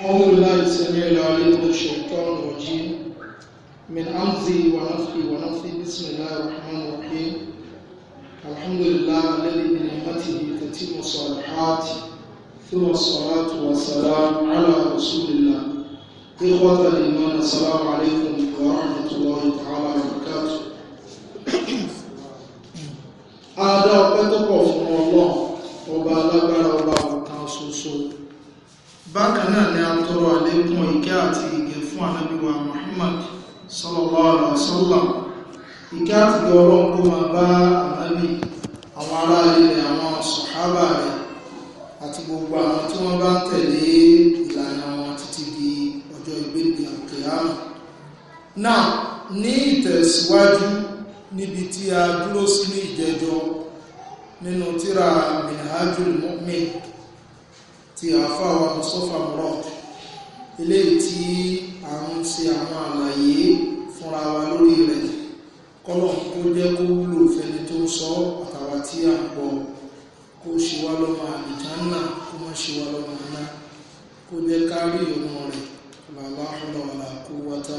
أعوذ بالله السميع العليم من الشيطان الرجيم من أمزي ونفخي ونفخي بسم الله الرحمن الرحيم الحمد لله الذي بنعمته تتم الصالحات ثم الصلاة والسلام على رسول الله إخوة الإيمان السلام عليكم ورحمة الله تعالى وبركاته Ada ọpẹ́ tó pọ̀ fún ọlọ́run ọba alágbára bákan náà ni a tọrọ àlékún ìkẹ́ àti ìgẹ̀ fún ànábì Muhammad sallallahu àti gbogbo àwọn tí wọ́n bá ń tẹ̀lé ìlànà wọn títí di ọjọ́ ìgbéǹde àkèyàmù náà ní ìtẹ̀síwájú níbi tí a dúró sí ní ìjẹjọ nínú tírà ti àfáwà Mustapha Murad eléyìí tí a ń ṣe àwọn àlàyé fúnra wa lórí rẹ̀ kọ́lọ̀ kó jẹ́ kó wúlò fẹ́ni tó ń sọ àtàwà tí a ń gbọ́ kó ṣe wá lọ́mọ àlìjánà kó má ṣe wá lọ́mọ iná kó jẹ́ ká rí ìrún rẹ̀ làlá ọlọ́ọ̀lá kó wátá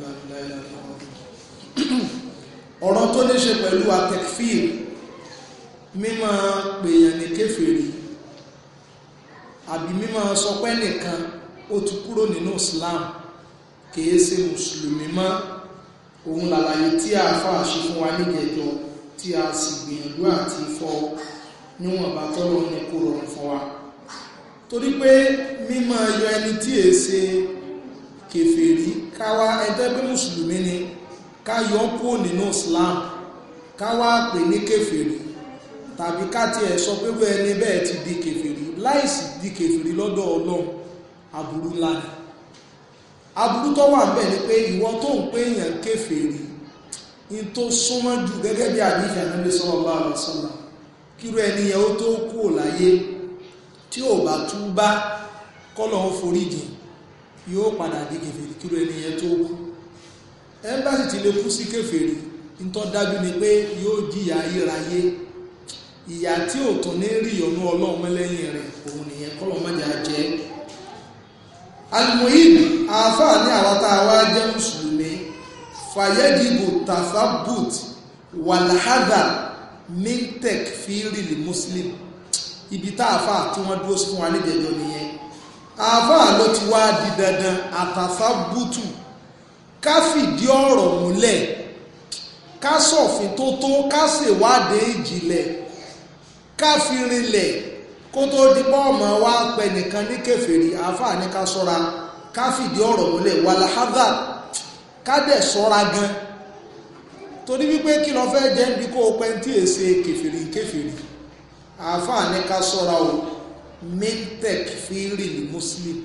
láìláìlá ọ̀rọ̀ tó ní ṣe pẹ̀lú atẹ̀fíì mímọ̀ pèèyàn ní kéfèèrè àbí mímọ́ sọ pé nìkan ó ti kúrò nínú Islam kìí ṣe mùsùlùmí mọ́ òun làlàyé tí a fọ́ àṣẹ fún wa níjẹjọ tí a sì gbìyànjú àti fọ́ níwọ̀nba tọ́lọ́ ní kó rọrùn fún wa torí pé mímọ́ yọ ẹni tí è ṣe kèfèrí káwa ẹgbẹ́ pé mùsùlùmí ni ká yọ kúrò nínú Islam káwa pè ní kèfèrí tàbí ká tiẹ̀ sọ pé wọ́n ẹni bẹ́ẹ̀ ti di kèfèrí láìsí di kèfèrí lọ́dọ̀ ọlọ́run aburú ńlá ni aburú tó wà bẹ́ẹ̀ ni pé ìwọ tó ń pé èèyàn kèfèrí ní tó súnmọ́ jù gẹ́gẹ́ bí àdífẹ́ ànábì sallallahu alaihi wasallam kírú ẹni yẹn ó tó kú láyé tí ò bá túbá kọ́lọ̀ ń foríjì yóò padà di ìyá tí ò tún ní rí ìyọnú ọlọ́run lẹ́yìn rẹ̀ òun nìyẹn kọ́lọ̀ mọ́jà jẹ́ alimoyin àáfàá ní àwọn tá a wá jẹ́ mùsùlùmí fàyẹ́dìbò tafabut wàláhàdà mintek fírìlì muslim ibi tá àáfàá tí wọ́n dúró sí fún wa níjẹ̀jọ́ nìyẹn àáfàá ló ti wá di dandan àtàfàbùtù ká fìdí ọ̀rọ̀ ká sọ̀fin tó tó ká ṣèwádìí ìjìnlẹ̀ ká fi rinlẹ̀ kó tó di bọ́ọ̀mọ̀ wa pẹ nìkan ní kèfèrí àáfàá ní ká sọ́ra ká ọ̀rọ̀ múlẹ̀ wàláhádà ká sọ́ra gan torí wípé kí lọ fẹ́ jẹ́ níbi kó o pẹ́ tí èsè kefere kèfèrí àáfàá ní ká o mintek fi rí muslim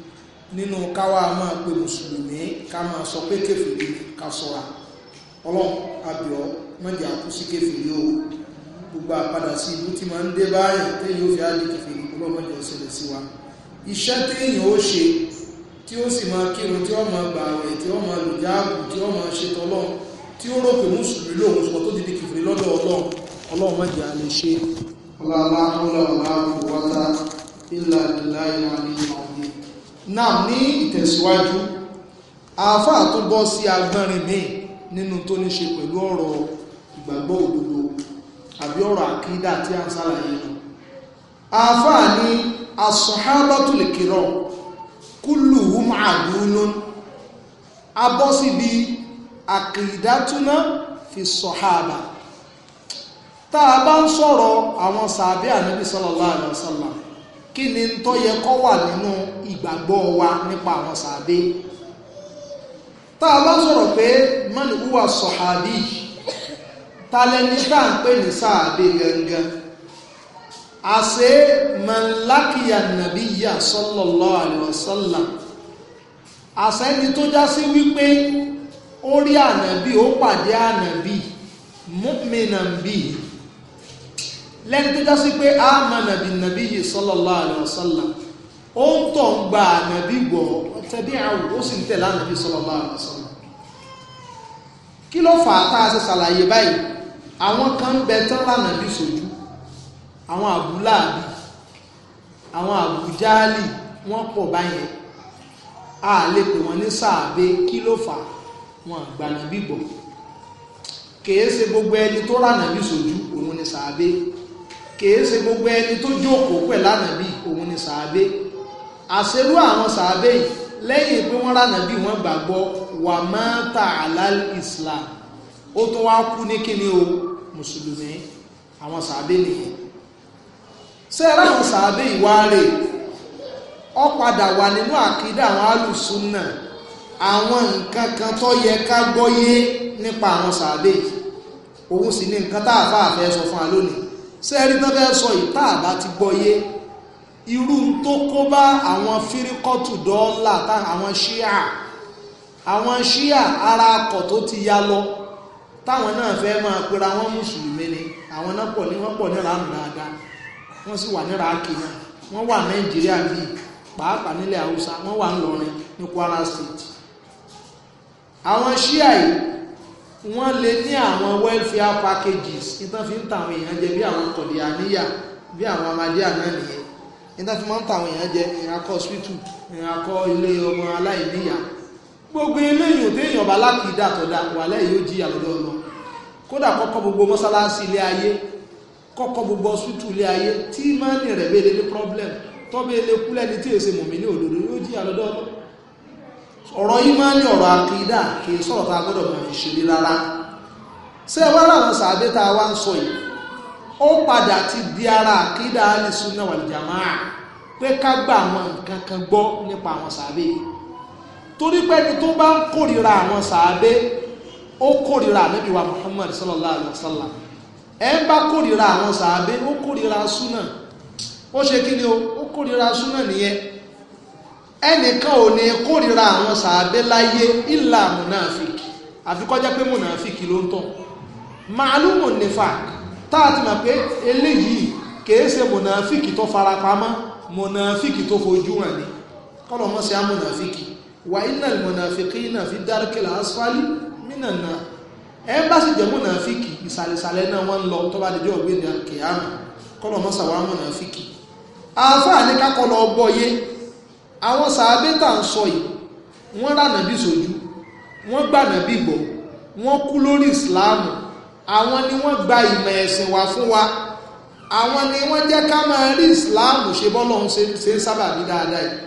nínú káwa máa pe mùsùlùmí ká máa sọ pé kèfèrí ká sọ́ra ọlọ́run àbíọ́ mọ̀jẹ̀ àkúsí o. gbogbo àpadà sí ìlú tí máa ń dé báyìí téèyàn ó fi á di kìfìrí ọlọ́mọdé ọ̀sẹ̀lẹ̀ sí wa iṣẹ́ téèyàn ó ṣe tí ó sì máa kírun tí ó máa gbà rẹ̀ tí ó máa lò jáàbù tí ó máa ṣe tọ́lọ́ tí ó rò pé mùsùlùmí lòun sọ tó ti kìfìrí lọ́dọ̀ ọlọ́run ọlọ́run má lè ṣe náà ní ìtẹ̀síwájú àáfàá tó bọ́ sí agbọ́nrin míì nínú tó ní ṣe pẹ̀lú ọ̀rọ̀ ìgbàgbọ́ òdodo àbí ọ̀rọ̀ àkídà tí a ń sàlàyé lọ àfáà ní asọ̀hábátùlè kìrọ̀ kúlù hùm àdúnú abọ́ síbi àkìdátúná fi sọ̀hábà tá a bá ń sọ̀rọ̀ àwọn sàbí ànábì sallallahu alaihi bá sọ̀rọ̀ talẹni tá ń pè ní sáàbí gangan àṣẹ mọ̀lákìyà nàbíyà sallallahu alaihi wasallam àṣẹ ni tó já sí wípé ó rí ànàbí ó pàdé ànàbí mu'minan bí lẹ́ni tó já sí pé amana bin nabiyyi sallallahu alaihi wasallam ó ń tọ̀ ń gba ànàbí gbọ́ tẹ̀bí àwọn ó sì ń tẹ̀lé ànàbí sallallahu alaihi wasallam kí ló fà á tá a ṣe ṣàlàyé báyìí àwọn kan ń bẹ tán lànà bí sojú àwọn àbúláàbí àwọn àbújáàlì wọ́n pọ̀ báyẹn a lè pè wọ́n ní sàábé kí ló fà wọn àgbàna bíbọ̀ kèé ṣe gbogbo ẹni tó rànà bí sojú òun ni sàábé kèé ṣe gbogbo ẹni tó jókòó pẹ̀ lánàá bí òun ni sàábé àṣerú àwọn sàábé yìí lẹ́yìn pé wọ́n rànà bí wọ́n gbàgbọ́ wàmátà alal islam ó tún wá kú ní kíni o mùsùlùmí àwọn sàábé nìyẹn sẹ́ẹ̀rẹ́ àwọn sàábé ìwárè ó padà wà nínú àkídà àwọn alùsùnà àwọn nǹkan kan tó yẹ ká gbọ́yé nípa àwọn sàábé òun sì ní nǹkan tá a fà fẹ́ sọ fún wa lónìí sẹ́ẹ̀rí tó fẹ́ sọ yìí tá a bá ti gbọ́yé irú tó kó bá àwọn fíríkọ́tù dọ́ọ́là àwọn ṣíà àwọn ṣíà ara akọ̀ tó ti ya lọ táwọn náà fẹ́ máa pera wọn mùsùlùmí ni àwọn náà pọ̀ ní wọ́n pọ̀ níra àmì dáadáa wọ́n sì wà níra àkè náà wọ́n wà nàìjíríà bíi pàápàá nílẹ̀ haúsá wọ́n wà ńlọrin ní kwara state àwọn ṣíà yìí wọ́n lè ní àwọn welfare packages ìtàn fi ń ta àwọn èèyàn jẹ bí àwọn kọ̀dìyà níyà bí àwọn amadé àná nìyẹn ìtàn fi máa ń ta àwọn èèyàn jẹ èèyàn kọ́ hospital èèyàn kọ́ ilé ọmọ aláìníyà gbogbo eléyìí ò téèyàn bá láti ìdá àtọ̀dá wà lẹ́yìn ó jìyà lọ́dọ̀ ọlọ́run kódà kọ́kọ́ gbogbo mọ́sálásí ilé ayé kọ́kọ́ gbogbo ọsútù ilé ayé tí mánì rẹ̀ bẹ́ẹ̀ ní problem tọ́bẹ̀ ilé kúlẹ̀ ní tí èsè mọ̀mí ní òdòdó yóò jí àlọ́dọ́ ọ̀rọ̀ yìí máa ní ọ̀rọ̀ àkídà kì í sọ̀rọ̀ tá a gbọ́dọ̀ mọ̀ ìṣèlú rárá ṣé ẹ wá láwọn sàbẹ tá a wá ń sọ yìí ó padà ti di ara àkídà alìsúná wàlìjàmáà pé ká gba àwọn nǹkan kan gbọ́ nípa àwọn sàbẹ yìí torí pé ẹni tó bá ń kórìíra àwọn sàbẹ ó kórìíra ànábì wa Muhammad sallallahu alayhi wa sallam ẹ ń bá kórìíra àwọn sàábé ó kórìíra súnà ó ṣe kí ni o ó kórìíra súnà nìyẹn ẹnìkan ò ní kórìíra àwọn sàábé láyé ìlà mùnàfíkì àfikọ́jẹ́ pé mùnàfíkì ló ń tọ̀ màálùmù nífàk tá a ti mọ̀ pé eléyìí kìí ṣe mùnàfíkì tó farapamọ́ mùnàfíkì tó fojú hàn ni kọ́lọ̀ mọ́ sí amùnàfíkì wà innal mùnàfíkì náà fi dárkìlà asfali mínàna ẹ́mbásí jẹ́ mùnàfíkì ìsàlẹ̀sàlẹ̀ náà wọ́n ń lọ tó bá dẹjọ́ ògbé ìdíyàn kìíyàmù kọ́lọ̀ mọ́sà wà mùnàfíkì àáfàá ní kákọ́ lọ bọ́ yé àwọn sàábé tà ń sọ yìí wọ́n rà nàbí sójú wọ́n gbà nàbí gbọ́ wọ́n kú lórí ìsìláàmù àwọn ni wọ́n gba ìmọ̀ ẹ̀sìn wá fún wa àwọn ni wọ́n jẹ́ ká máa rí ìsìláàmù ṣe bọ́ lọ́hún ṣe ń sábà ní dáadáa yìí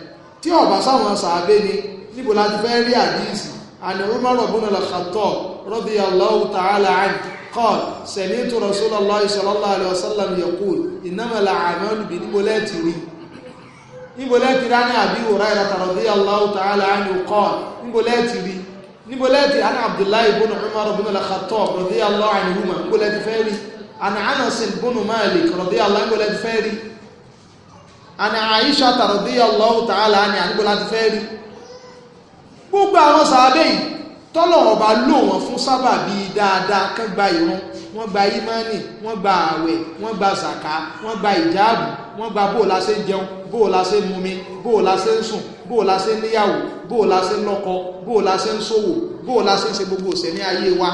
tí ọ̀bá sáwọn sàábé ni níbo la ti fẹ́ rí àdíyèsí عن عمر بن الخطاب رضي الله تعالى عنه قال سمعت رسول الله صلى الله عليه وسلم يقول إنما الأعمال بالنيات níbo lẹ́ẹ̀tì ránà àbí òráìlá tàràdí aláwò tààlà ánìyàn kan níbo lẹ́ẹ̀tì rí níbo lẹ́ẹ̀tì ránà abdullahi bónú umar bónú lakhatọ́ rọ̀dí aláwò àníhùmá níbo lẹ́ẹ̀tì fẹ́ rí àna anasin bónú malik rọ̀dí aláwò níbo lẹ́ẹ̀tì fẹ́ rí àna aisha tàràdí aláwò tààlà ánìyàn níbo lẹ́ẹ̀tì fẹ́ rí gbogbo àwọn sàábẹ́ yìí tọ́lọ̀ ọba lò wọ́n fún sábàbí dáadáa kán gba ìrun wọ́n gba ìmánì wọ́n gba ààwẹ̀ wọ́n gba zàká wọ́n gba ìjáàbù wọ́n gba bóò la ṣe ń jẹun bóò la ṣe ń mumi bóò la ṣe ń sùn bóò la ṣe ń níyàwó bóò la ṣe ń lọ́kọ bóò la ṣe ń ṣòwò bóò la ṣe ń ṣe gbogbo òṣèlú ayé wa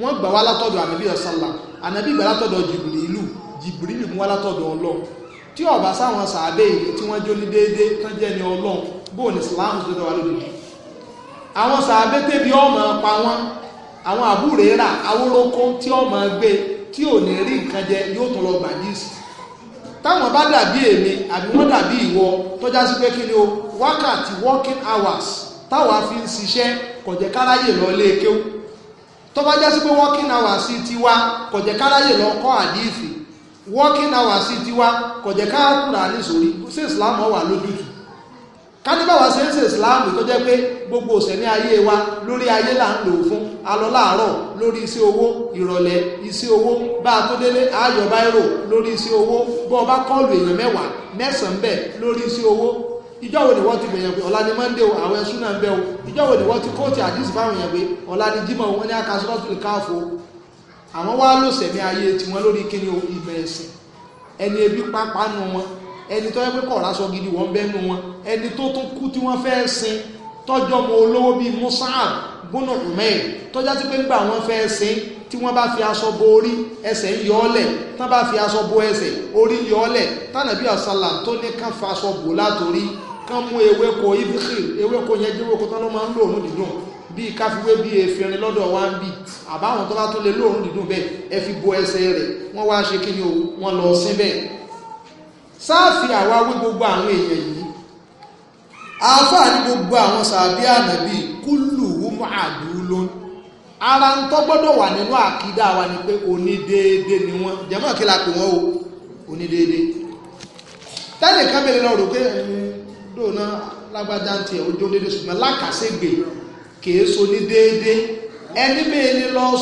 wọ́n gbà wá látọ̀dọ̀ ànábì ọ̀sálà ànábì gbà látọ̀dọ̀ jìbìrì ìlú jìbìrì ìlú wá látọ̀dọ̀ ọlọ́run tí ọ̀bá sáwọn sàábẹ́ ìlú tí wọ́n jó déédéé tán jẹ́ ní ọlọ́run bóò ní sàlámù tó dọ̀wà lódìdí àwọn sàbẹ́tẹ̀ bí ọmọ pa wọn àwọn àbúrè rà awórókó tí ọmọ gbé tí ò ní rí nǹkan jẹ yóò tún lọ gbà yíṣì táwọn bá dàbí èmi àbí wọn dàbí ìwọ tọjá sí pé kí o wákàtí working hours táwa fi ń lọ lé pé working hours tiwa kọ̀jẹ́ káráyè lọ kọ́ àdífì working hours ti wá lọ kánibàwá ṣe ń ṣe islam tó jẹ́ pé gbogbo òṣèlú ayé wa lórí ayé là ń lò fún alọ́ láàárọ̀ lórí iṣẹ́ owó ìrọ̀lẹ́ iṣẹ́ owó bá a tó délé ayọ̀ báírò lórí iṣẹ́ owó bọ́ ọ bá kọ́ọ̀lù èèyàn mẹ́wàá mẹ́sàn-án bẹ̀ lórí iṣẹ́ owó ìjọ wo ni wọ́n ti bẹ̀yàn pé ọ̀la ni monday o àwọn ẹ̀sùn náà ń bẹ o ìjọ wo ni wọ́n ti kóòtù àdìsí fáwọn èèyàn pé ọ̀la ni jimoh wọn ní akasọ́tò káàfó àwọn wá lòsẹ̀mí ayé tiwọn lórí kíni ìmọ̀ ẹ̀sìn ẹni ebi pápánu wọn ẹni tó yẹ pé kọ̀ lásọ gidi wọ́n bẹ́nu wọn ẹni tó tún kú tí wọ́n fẹ́ sin tọ́jọ́ mọ olówó bíi Mus'ab gbónà Umair tọ́já sí pé ń gbà wọ́n fẹ́ sin tí wọ́n bá fi aṣọ bo orí ẹsẹ̀ ń yọ ọ́lẹ̀ tán bá fi aṣọ bo ẹsẹ̀ orí yọ ọ́lẹ̀ tánàbí àṣàlà tó ní kán fa aṣọ bò látòrí kán mú ewéko ibikir ewéko yẹn jẹ́ ewéko tán ló máa ń lò òórùn dídùn bíi káfíwé bíi efirin lọ́dọ̀ wa ń bì àbáwọn tó bá tó lè lò òórùn dídùn bẹ́ẹ̀ ẹ fi bo ẹsẹ̀ rẹ̀ wọ́n wá ṣe kí ni o wọ́n lọ sí bẹ́ẹ̀ sáàfin àwa wí gbogbo àwọn èèyàn yìí àáfàá ní gbogbo àwọn sàbí ànàbí kúlù wúmọ àdúró ara ń tọ́ gbọ́dọ̀ wà nínú àkídá wa ni pé onídéédé ni wọ́n jẹ́mọ́ kí la pè wọ́n o onídéédé tẹ́lẹ̀ kan bẹ̀rẹ̀ pé hmm, dòna lágbájá tiẹ̀ ojú déédé ṣùgbọ́n lákàṣègbè kìí so ní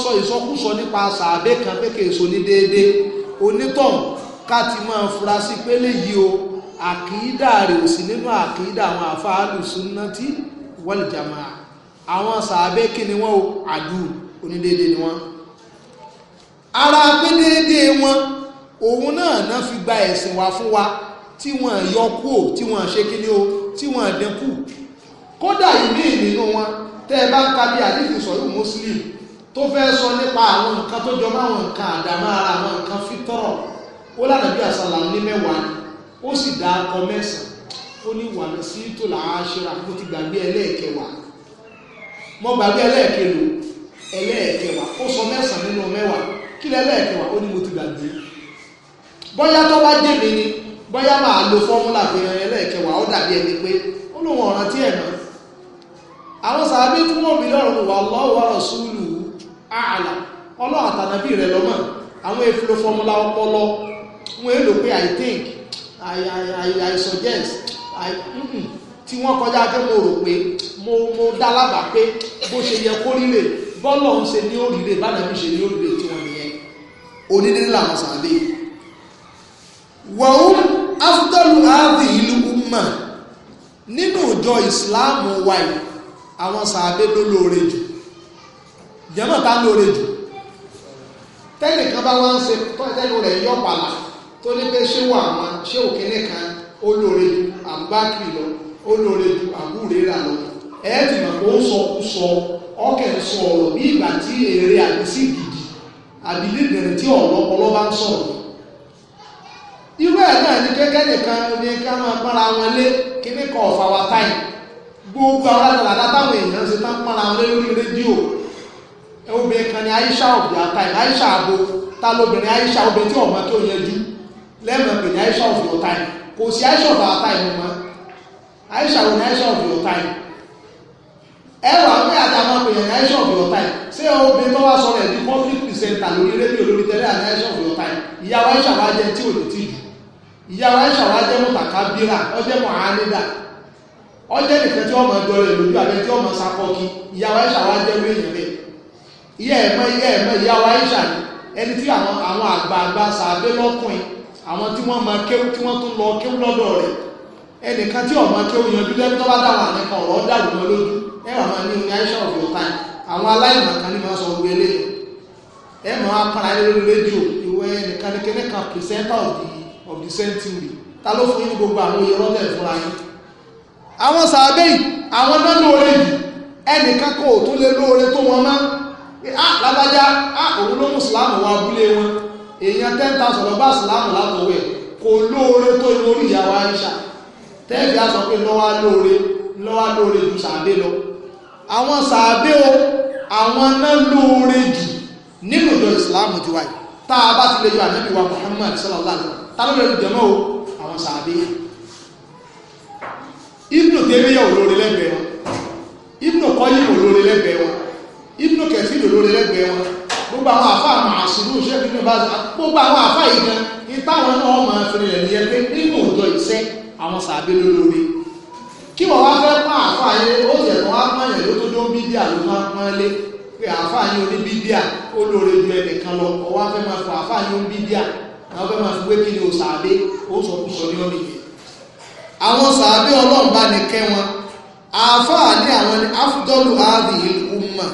sọ ìsọkúsọ nípa sàbẹ́ kan pé ká ti máa fura sí pé léyìí o àkìídà rẹ̀ ò sí nínú àkìídà àwọn àfáàlù sunnati wal jamaa àwọn sàábé kí ni wọ́n o àdú onídéédé ni wọ́n ara pé déédéé wọn òun náà náà fi gba ẹ̀sìn wa fún wa tí wọ́n yọ kúò tí wọ́n ṣe kí ni o tí wọ́n dínkù kódà ìmí nínú wọn tẹ́ ẹ bá ń ka bí àdìsí sọ̀rọ̀ muslim tó fẹ́ sọ nípa àwọn nǹkan tó jọ máwọn nǹkan àdámọ́ ara àwọn nǹkan fítọ́rọ̀ ó lànàbí asala ní mẹ́wàá ó sì dá akọ mẹ́sàn ó ní wà sí tó làáṣírà ti gbàgbé ẹlẹ́ẹ̀kẹwàá mo gbàgbé ẹlẹ́ẹ̀kẹlò ẹlẹ́ẹ̀kẹwàá ó sọ mẹ́sàn nínú mẹ́wàá kí lẹ́lẹ́ẹ̀kẹwàá ó ní mo ti gbàgbé bóyá tó bá dé mi ni bóyá máa lo fọ́múlà fi hàn ẹlẹ́ẹ̀kẹwàá ó dàbí ẹni pé ó lóun ọ̀ràn tí ẹ̀ mọ́ àwọn sàábé tún mọ̀ mí lọ́rùn àwọn wọ́n èlò pé i think i i i suggest i mm-hmm, tí wọ́n kọjá pé mo rò pé mo mo dá lábàá pé bó ṣe yẹ kó rílè bọ́lọ̀ ń ṣe ní òrìlè bánà mi ṣe ní òrìlè tí wọ́n nìyẹn onílé làwọn sàlẹ̀ wọ́n afdalu aadhi ìlú umma nínú ìjọ ìsìláàmù wa yìí àwọn sàábé ló lóore jù jẹ́mọ̀ ta lóore jù tẹ́lẹ̀ kan bá wá ń ṣe tọ́jú rẹ̀ yọ̀pàlà tó ní pé ṣé wà wọn ṣé òkèlè kan ó ju àbúbákì lọ ó ju àbúrè lọ ẹ ti mọ̀ sọ kú sọ ọkẹ́ sọ ọ̀rọ̀ bí ìgbà tí èrè àbísí gidi tí bá ń sọ̀rọ̀ irú ẹ̀ náà nìkan máa wọn lé kíní kan ọ̀fà wa gbogbo àwọn táwọn èèyàn ṣe tán wọn lé lórí rédíò Aisha Aisha àbò Aisha tí lẹ́mọ̀ pé ní aisha of your time kò sí aisha of our time mọ́ aisha wo ní aisha of your time ẹ wà pé àtàwọn pèèyàn ní aisha of your time ṣé obìnrin tó wá sọ̀rọ̀ ẹ̀ di public presenter lórí rédíò lórí tẹ́lẹ̀ àti aisha of your time ìyàwó aisha wa jẹ́ tí ò lè tì jù ìyàwó aisha wa jẹ́ mọ̀tàkà bíra ọjẹ́ mọ̀ ánìdà ọjẹ́ nìkan tí wọ́n mọ̀ ẹjọ́ rẹ̀ lójú àbẹ́ tí wọ́n mọ̀ sakọ́kí ìyàwó aisha wa jẹ́ wéèyàn rẹ̀ ìyá ẹ̀mọ́ ìyá ẹ̀mọ́ ìyàwó aisha ẹni tí àwọn àgbààgbà sàbẹ́ lọ́kùnrin àwọn tí wọ́n máa kéwú tí wọ́n tún lọ kéwú lọ́dọ̀ rẹ̀ ẹnìkan tí ọ̀mọ kéwú yanjú lẹ́nu tó bá dáwọn àlẹ́kọ̀ ọ̀rọ̀ dàrú wọn lójú ẹ wà máa ní ní aisha of your time àwọn aláìmọ̀kan ní máa sọ gbé lé ẹ máa apara lórí rédíò ìwé ẹnìkan kékeré kan presenter of the of the century ta ló fún yín gbogbo àwọn oyè rọ́bẹ̀ fúnra yín àwọn sàbẹ̀ yìí àwọn dánú oore yìí ẹnìkan kò tún lé lóore tó wọn mọ́ ah lábájá ah òun ló mùsùlùmí wọn abúlé wọn èèyàn ten thousand lọ bá sùlámù látọwọ́ ẹ̀ kò lóore tó lórí ìyàwó àìsà tẹ́ẹ̀bì á sọ pé lọ́wọ́ lóore lọ́wọ́ lóore ju sàádé lọ àwọn sàádé o àwọn náà lóore jù nínú ìjọ ìsìlámù ti wáyé tá a bá ti lè yọ ànábì wa Muhammad sallallahu alaihi wa sallam tá ló lè jẹmọ́ o àwọn sàádé ibnu tẹ́lẹ̀yà olóore lẹ́gbẹ̀ẹ́ wọn ibnu kọ́yìn olóore lẹ́gbẹ̀ẹ́ wọn ibnu kẹfìn olóore lẹ́gbẹ̀ẹ́ wọn gbogbo àwọn àfa màásùlù ṣẹ́bi ní bá gbogbo àwọn àfa yìí gan ìtàwọn náà ọmọ ẹ̀fìn rẹ̀ nìyẹn pé nínú òjò ìṣe àwọn sàbẹ̀ lólórí kí wọ́n wá fẹ́ pọ́n àfa yẹn ó jẹ̀ kó wá pọ́n yẹn ló tó dó bídíà ló máa pọ́n lé pé àfa yẹn oní bídíà ó lóore ju ẹnìkan lọ ọwọ́ fẹ́ máa fọ àfa yẹn oní bídíà àwọn fẹ́ máa fi wé kí ni ò sàbẹ̀ ó sọ kú ní ọ̀nà ìyẹn àwọn sàbẹ̀ ọlọ́ọ̀bá ni kẹ́ wọn àfa ní àwọn ni afdọ́lù áàbì ìlú mọ̀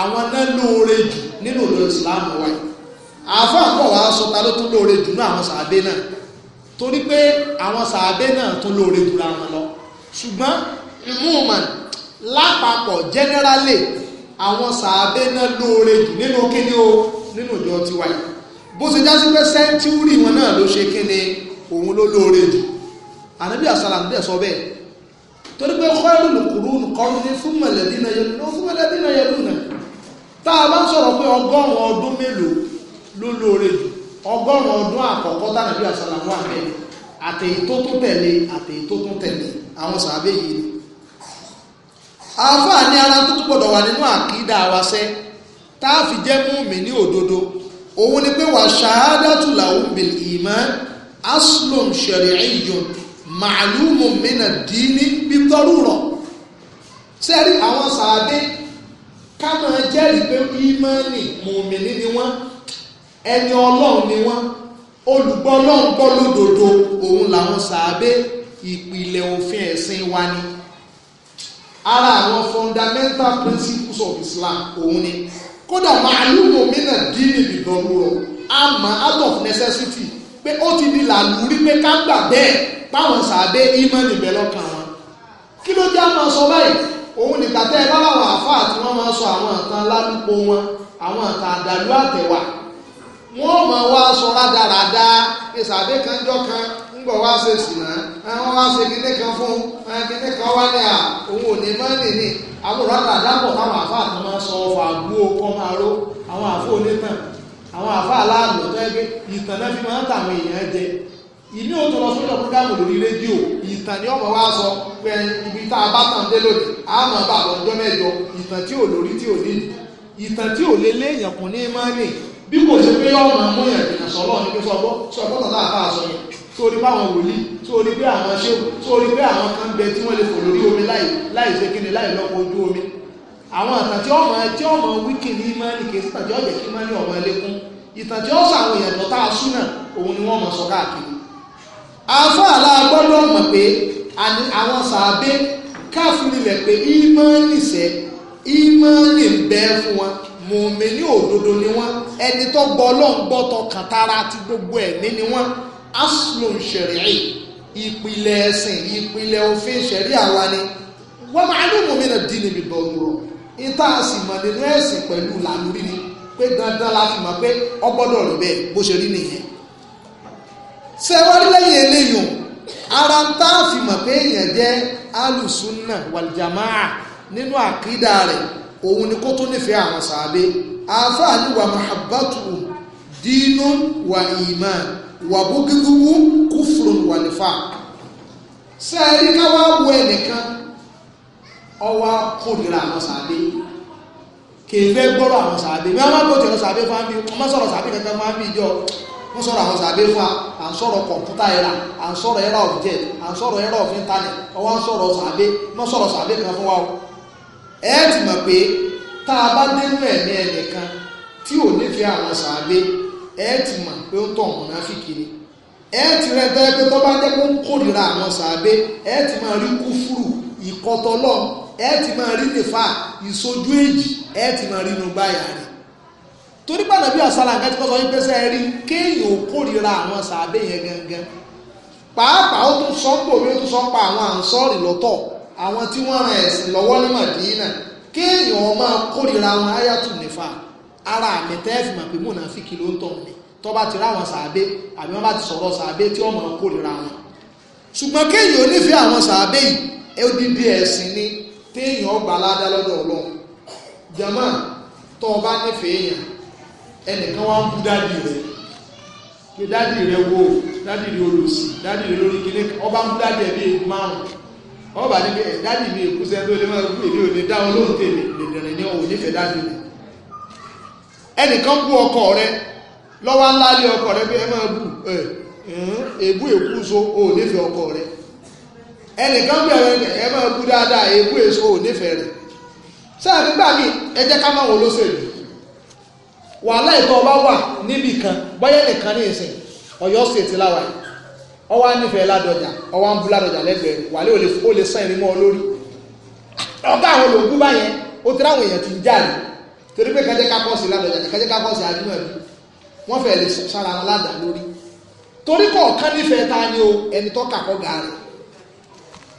àwọn náà lóore jù nínú òlò ìsìláàmù wa yìí àáfàá pọ̀ wá sọ ta ló tún lóore jù náà àwọn sàábé náà torí pé àwọn sàábé náà tún lóore jù ra wọn lọ ṣùgbọ́n ìmúùmọ̀ lápapọ̀ generally àwọn sàábé náà lóore jù nínú kíni o nínú ìjọ tiwa yìí bó ṣe jásí pé sẹ́ńtúrì wọn náà ló ṣe kíni òun ló lóore jù ànábì àsàlà ànábì sọ bẹ́ẹ̀ torí pé khairul qurun qarni thumma alladhina yaluna thumma alladhina yaluna náà tá a bá ń sọ̀rọ̀ pé ọgọ́rùn-ún ọdún mélòó ló lóore jù ọgọ́rùn-ún ọdún àkọ́kọ́ tánàbí àsàlámù àmì àtẹ̀yí tó tún tẹ̀lé àtẹ̀yí tó tún tẹ̀lé àwọn sàábé yìí ni àáfàá ní ara tó tún gbọ́dọ̀ wà nínú àkídà wa sẹ́ tá a fi jẹ́ múmi ní òdodo òun ni pé wà ṣáádátù làwọn bil iman aslum shari'iyyun ma'lumun min ad-din bi darura sẹ́rí àwọn sàábé ká jẹ́rìí pé ìmọ̀ọ́nì mùmìnì ni wọ́n ẹni ọlọ́run ni wọ́n olùgbọ́ ọlọ́run gbọ́ lódodo òun làwọn sàábé ìpìlẹ̀ òfin ẹ̀sìn wa ni ara àwọn fundamental principles of Islam òun ni kódà màálùmù mìíràn dín níbi àmọ́ out of necessity pé ó ti di làlùrí pé ká gbà bẹ́ẹ̀ báwọn sàábé ìmọ̀ọ́nì bẹ́ẹ̀ lọ́kàn wọn kí ló jẹ́ àwọn sọ báyìí òun nígbà tẹ́ ẹ bá làwọn àáfàá tí wọ́n máa sọ àwọn nǹkan lálùpọ̀ wọn àwọn nǹkan àdàlú àtẹ̀wà wọ́n máa wá sọ rádaràda ìsàbẹ̀ kan jọ kan ńgbọ̀ wá ṣe sìnà wọ́n wá ṣe kíní kan fún kíní kan wá ní à òun ò ní mọ́ àwọn rádaràda táwọn tó sọ máa ró àwọn onítàn àwọn ìtàn náà fi máa ìní òun tó lọ sórí ọ̀pọ̀gáàmù lórí rédíò ìtàn ni ọmọ wa sọ pé ibi tá a bá tàn dé lónìí àmọ́ bá àwọn ọjọ́ mẹ́jọ ìtàn tí ò lórí tí ò ní ìtàn tí ò lé léèyàn kún ní mọ́nì bí kò ṣe pé ọmọ amóyàn ìdènà sọlọ ní pé sọgbọ́ sọgbọ́ tàbá àbá sọ ni sórí pé àwọn wòlíì sórí pé àwọn ṣéwù sórí pé àwọn kan bẹ tí wọ́n lè fò lórí omi láì láì ṣe kíni láì lọ́pọ̀ ojú omi àwọn ìtàn tí ọmọ tí ọmọ wíkì ní mọ́nì kì í sí tàbí ọ̀jẹ̀ kí mọ́nì ọmọ ẹlẹ́kún ìtàn tí ó sàwọn èèyàn lọ́tà súnà òun ni wọ́n mọ̀ sọ káàkiri Afa gbọ́dọ̀ mọ̀ pé àwọn sàábé káfíńlẹ̀ pé ìmọ̀ọ́nì sẹ́ ìmọ̀ọ́nì ń bẹ fún wọn mùmíní òdodo ni wọn ẹni tó gbọ́ ọlọ́run gbọ́ tọkàn tara àti gbogbo ẹ̀mí ni wọn aslun ṣẹ̀rìí ìpìlẹ̀ ẹ̀sìn ìpìlẹ̀ òfin ṣẹ̀rìí àwa ni wọ́n máa ní mùmínà dín níbi bọ̀ọ̀rọ̀ ìta sì mọ̀ nínú ẹ̀sìn pẹ̀lú làlórí ni pé dandan la fi mọ̀ pé ọgbọ́dọ̀ rẹ̀ bẹ́ẹ̀ bó ṣe rí nìyẹn ṣe wá rí lẹ́yìn eléyìí ara ń tá a fi mọ̀ pé èèyàn jẹ́ alùsùnà wàlìjàmáà nínú àkídà rẹ̀ òun ni kó tó nífẹ̀ẹ́ àwọn sàábé àáfàá ni wà mahabbatu dínú wà ìmán wà bógidúwú kúfùrùn wà nífà ṣe rí káwá wo ẹnìkan ọwá kórìíra àwọn sàábé kèéfẹ́ gbọ́rọ̀ àwọn sàábé wọ́n á má gbọ́ tẹ̀lọ́ sàábé fáwọn bí ọmọ sọ̀rọ̀ sàábé kankan fáwọn bí ìjọ ń sọ̀rọ̀ àwọn sàbẹ̀ fún wa à ń sọ̀rọ̀ kọ̀ǹpútà ẹ̀rà à ń sọ̀rọ̀ ẹ̀rà of jet à ń sọ̀rọ̀ ẹ̀rà of internet ọwọ́ à ń sọ̀rọ̀ sàbẹ̀ mọ́ sọ̀rọ̀ sàbẹ̀ kan fún wa o. ẹ ti mọ̀ pé tá a bá dénú ẹ̀mí ẹnìkan tí ò nífẹ̀ẹ́ àwọn sàbẹ̀ ẹ ti mọ̀ pé ó tọ̀ ọ̀nà fìkiri ẹ ti rẹ tẹ́lẹ̀ pé tó bá jẹ́ kó ń kórìíra àwọn sàbẹ̀ ẹ ti máa rí kúfúrù ìkọtọ́lọ́ ẹ ti máa rí nìfà ìsojú èjì ẹ ti máa rí inú gbáyà torí pé ànábì àṣàlà nǹkan tí kò sọ wípé sẹ́ rí kéèyàn ò kórìíra àwọn sàábé yẹn gangan pàápàá ó tún sọ pé omi ó tún sọ pa àwọn ànsọ́ọ̀rì lọ́tọ̀ àwọn tí wọ́n ran ẹ̀sìn lọ́wọ́ ní màdínà kéèyàn ó máa kórìíra àwọn ayatu nífà ara àmì tẹ́ẹ̀fì mà pé mùnàfíkì ló ń tọ̀ mí tó bá ti ráwọn sàábé àbí wọ́n bá ti sọ̀rọ̀ sàábé tí wọ́n máa kórìíra wọn ṣùgbọ́n kéèyàn ò nífẹ̀ẹ́ àwọn sàábé yìí ó ẹnìkan wá ń bú dádì rẹ̀ pé dádì rẹ̀ wo dádì rẹ̀ olùsì dádì rẹ̀ lórí kílé ọba ń bú dádì ẹ̀ bíi márùn ọba ní pé dádì mi èkú sẹ́ni tó lè máa gbé èmi ò ní dá olóhùn tèmi dèdèrè ní òun nífẹ̀ẹ́ dádì mi ẹnìkan bú ọkọ rẹ̀ lọ́wọ́ ńlá lé ọkọ rẹ̀ pé ẹ máa bú ẹ èbú èkú so òun nífẹ̀ẹ́ ọkọ rẹ̀ ẹnìkan bí ọ̀rẹ́ ẹ máa bú dáadáa èbú èso òun nífẹ̀ẹ́ rẹ̀ sẹ́yìn nígbà míì ẹ jẹ́ ká máa wọ lóṣèlú wà ìtọ́ ọba wà níbi kan bọ́yẹ́ nìkan ní ìsìn ọ̀yọ́ state láwa yìí ọwọ́ nífẹ̀ẹ́ ládọjà ọwọ́ ń bú ládọjà lẹ́gbẹ̀ẹ́ wàhálà ó lè sàn ìrìnmọ́ olórí ọgá àwọn olóògùn báyẹn ó ti ráwọn èèyàn ti ń jáde torí pé ká ládọjà ká wọ́n fẹ́ẹ́ lè sára ta ni o ẹni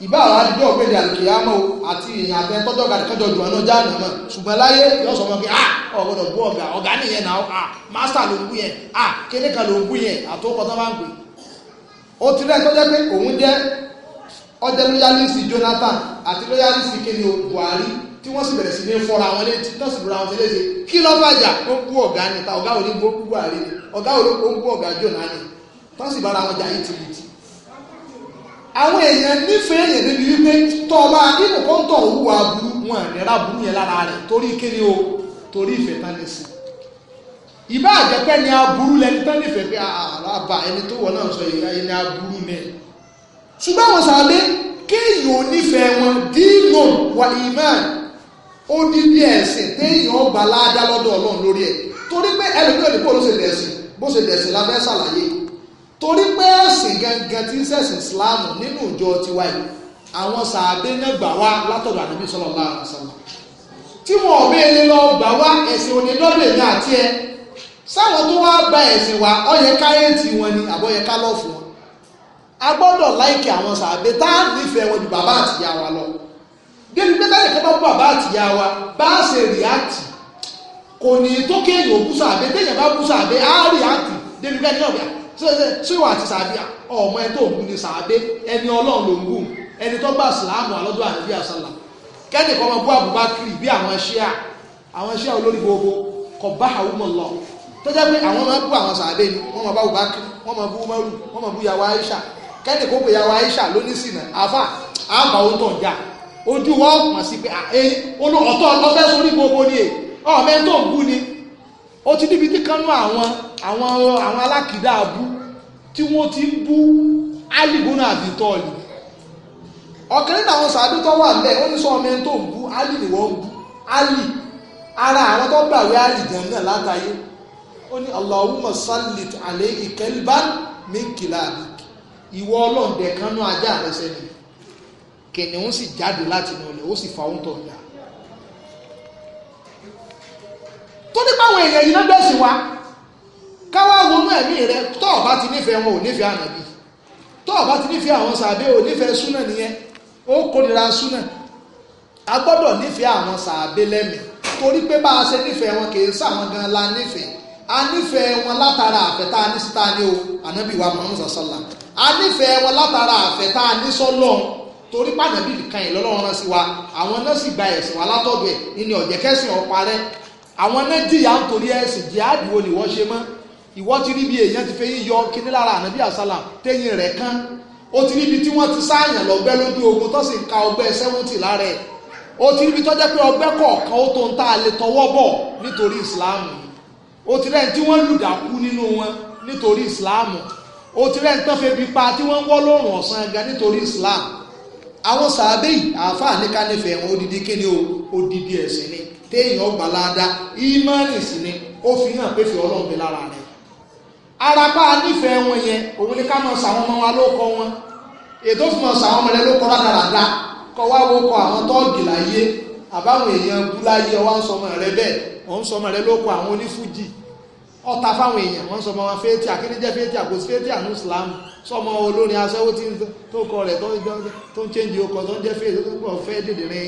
ìbá àwọn adijọ́ òpèlè àlùkìyàmọ́ àti ìyìn àtẹ tọ́jọ́ gàdí tọ́jọ́ jù ọ̀nà jáàmù mọ́ ṣùgbọ́n láyé yóò sọ fún mi ah ọ̀gbọ́dọ̀ gbọ́ ọ̀gá ọ̀gá nìyẹn náà ah mástà ló ń gbú yẹn ah kéde kan ló ń gbú yẹn àtòkọ tó bá ń gbé. ó ti rẹ́ tọ́jọ́ pé òun jẹ́ ọjọ́ lóyálísì Jonathan àti lóyálísì kéde Buhari tí wọ́n sì bẹ̀rẹ̀ sí ní fọ́ra wọn létí tó sì búra wọn sí léṣe kí lọ́ bàjá ó ń bú ọ̀gá ni ta ọ̀gá òní gbó Jonathan tó sì bára wọn àwọn èèyàn nífẹ̀ẹ́ èèyàn débi wípé tọ́ọ̀bá nínú kọ́ńtọ̀ òwúwa burú wọn ìrẹ́ra burú yẹn lára rẹ̀ torí kíni o torí ìfẹ́ tán lè sìn ìbá àjẹpẹ́ ni aburú lẹni tán nífẹ̀ẹ́ pé ah, ah, àbá ẹni tó wọ náà sọ ẹni aburú ni ṣùgbọ́n àwọn sàlẹ̀ kéèyàn onífẹ̀ẹ́ wọn dínà wà ìmáà ó dín bí ẹ̀sìn téèyàn ọgbà ládá lọ́dọ̀ ọlọ́run lórí ẹ̀ torí pé ẹlòmíràn ní bó ló ṣe dẹ̀sìn bó ṣe dẹ̀sìn la fẹ́ ṣàlàyé torí pé ẹ̀sìn gangan tí ń ṣẹ̀sìn Islam nínú ìjọ tiwa yìí àwọn sàábé náà gbà wá látọ̀dọ̀ àdébí sallallahu alaihi wasallam tí wọn ọ̀bẹ ẹni lọ gbà wá ẹ̀sìn òní lọ́dọ̀ àti ẹ sáwọn tó wá gba ẹ̀sìn wa ọyẹ káyẹ̀tì wọn ni àbọ̀yẹ ká lọ́ fún wọn a gbọ́dọ̀ láìkì àwọn sàábé tá a nífẹ̀ẹ́ wọn ju bàbá àtìyá wa lọ débi pé táyà kẹ́kọ̀ọ́ bọ́ bàbá àtìyá wa bá a ṣe rìáàtì kò ní tó kéèyàn òkú sàábé téèyàn bá kú sàábé á rìáàtì débi pé ẹni náà síwọ eh, àti sàbíà ọmọ ẹ tó ń gun ni sàbẹ ẹni ọlọ́run ló ń gùn ẹni tó gbà sàlámù àlọ́dọ̀ àdébí àsálà kẹ́nìkan ọmọ bú àbúbákiri bí àwọn ṣíà àwọn ṣíà olórí gbogbo kọ bá àwùmọ̀ lọ tọ́jà pé àwọn máa bú àwọn sàbẹ ni wọ́n máa bá àbúbákiri wọ́n máa bú mọ́rù wọ́n máa bú yàwó Aisha kẹ́nìkan bú yàwó Aisha lónìsìnà àfà àbà ó tàn já ojú wọn pọ̀ sí pé ah, eh, ọ̀tọ̀ ọ̀fẹ́ sórí gbogbo ni e. ọ̀mẹ́ tó ń bú ni ó ti níbi tí kánú àwọn àwọn àwọn alákìdá abú tí wọ́n ti ń bú alìbùnà àbí tọ́ọ̀lì ọ̀kan nínú àwọn sàádú tó wà lẹ̀ ó ní sọ ọmọ ẹni tó ń bú alì ni wọ́n ń bú alì ara àwọn tó gbàwé alì gangan látàyé ó ní Allahumma sallit alayhi kalban min kilabik ìwọ ọlọ́ọ̀dẹ̀ kánú ajá rẹ̀ sẹ́ni kìnìún sì jáde láti nù ọ̀lẹ̀ ó sì fa oúnjẹ ọ̀dà tó ní pàwọn èèyàn yìí náà gbẹ̀sìn wa káwá wọnú ẹ̀mí rẹ tó o bá ti nífẹ̀ẹ́ wọn ò nífẹ̀ẹ́ ànàbí tó o bá ti nífẹ̀ẹ́ àwọn sàbẹ̀ ò nífẹ̀ẹ́ súnà nìyẹn ó kórira súnà a gbọ́dọ̀ nífẹ̀ẹ́ àwọn sàbẹ̀ lẹ́mìí torí pé bá a ṣe nífẹ̀ẹ́ wọn kì í sàwọn gan la nífẹ̀ẹ́ a nífẹ̀ẹ́ wọn látara àfẹ́tá ní síta ní o ànábì wa Muhammad sallam a nífẹ̀ẹ́ wọn látara àfẹ́tá ní sọ́lọ́n torí pàdánù bíi kàn yín lọ́lọ́run rán sí wa àwọn náà sì gba ẹ̀sìn wa látọ̀dọ̀ ẹ̀ nínú ọ̀jẹ̀kẹ́sìn ọ̀parẹ́ àwọn náà jìyà nítorí ẹ̀sìn jihadi wo ni wọ́n ṣe mọ́ ìwọ́ ti rí bí èèyàn ti fẹ́ yíyọ kíní lára ànábì àsálà téyìn rẹ̀ kán ó ti ríbi tí wọ́n ti sáàyàn lọ́gbẹ́ lójú ogun tó sì ń ka ọgbẹ́ sẹ́wọ́ntì lára ẹ̀ ó ti ríbi tó jẹ́ pé ọgbẹ́ kọ̀ọ̀kan ó tó ń tá a lè tọwọ́ bọ̀ nítorí ìsìláàmù ó ti rẹ́ni tí wọ́n lùdà kú nínú wọn nítorí ìsìláàmù ó ti rẹ́ni tó fẹ́ bí pa tí wọ́n ń wọ́ lóòrùn ọ̀sán gan nítorí ìsìláàmù àwọn sàábẹ́yì àáfàá ní kánífẹ̀ẹ́ wọn odidi kíni o odidi ẹ̀sìn ni téèyàn gbà láadáa ìmánì sì ni ó fi hàn pé fi ọlọ́run bẹ lára rẹ̀ ara bá a nífẹ̀ẹ́ wọn yẹn òun ni ká máa sàwọn ọmọ wa ló kọ wọn ètò fún ọ̀sán àwọn ọmọ rẹ ló kọ rádaràda kọ wá wo kọ àwọn tọ́ọ̀gì láyé àbáwọn èèyàn bú láyé ọwá ń sọmọ rẹ bẹ́ẹ̀ wọ́n ń sọmọ rẹ ló kọ àwọn onífújì ọ̀tá fáwọn èèyàn wọ́n ń sọmọ wọn fẹ́ẹ́tì àkínníjẹ́ fẹ́ẹ́tì àkó fẹ́ẹ́tì àánú Islam sọmọ olórin aṣẹ́wó tó kọ rẹ̀ tó ń chẹ́ǹjì okọ̀ tó ń jẹ́ fẹ́ẹ́tì tó ń pọ̀ fẹ́ẹ́ dèdè rẹ̀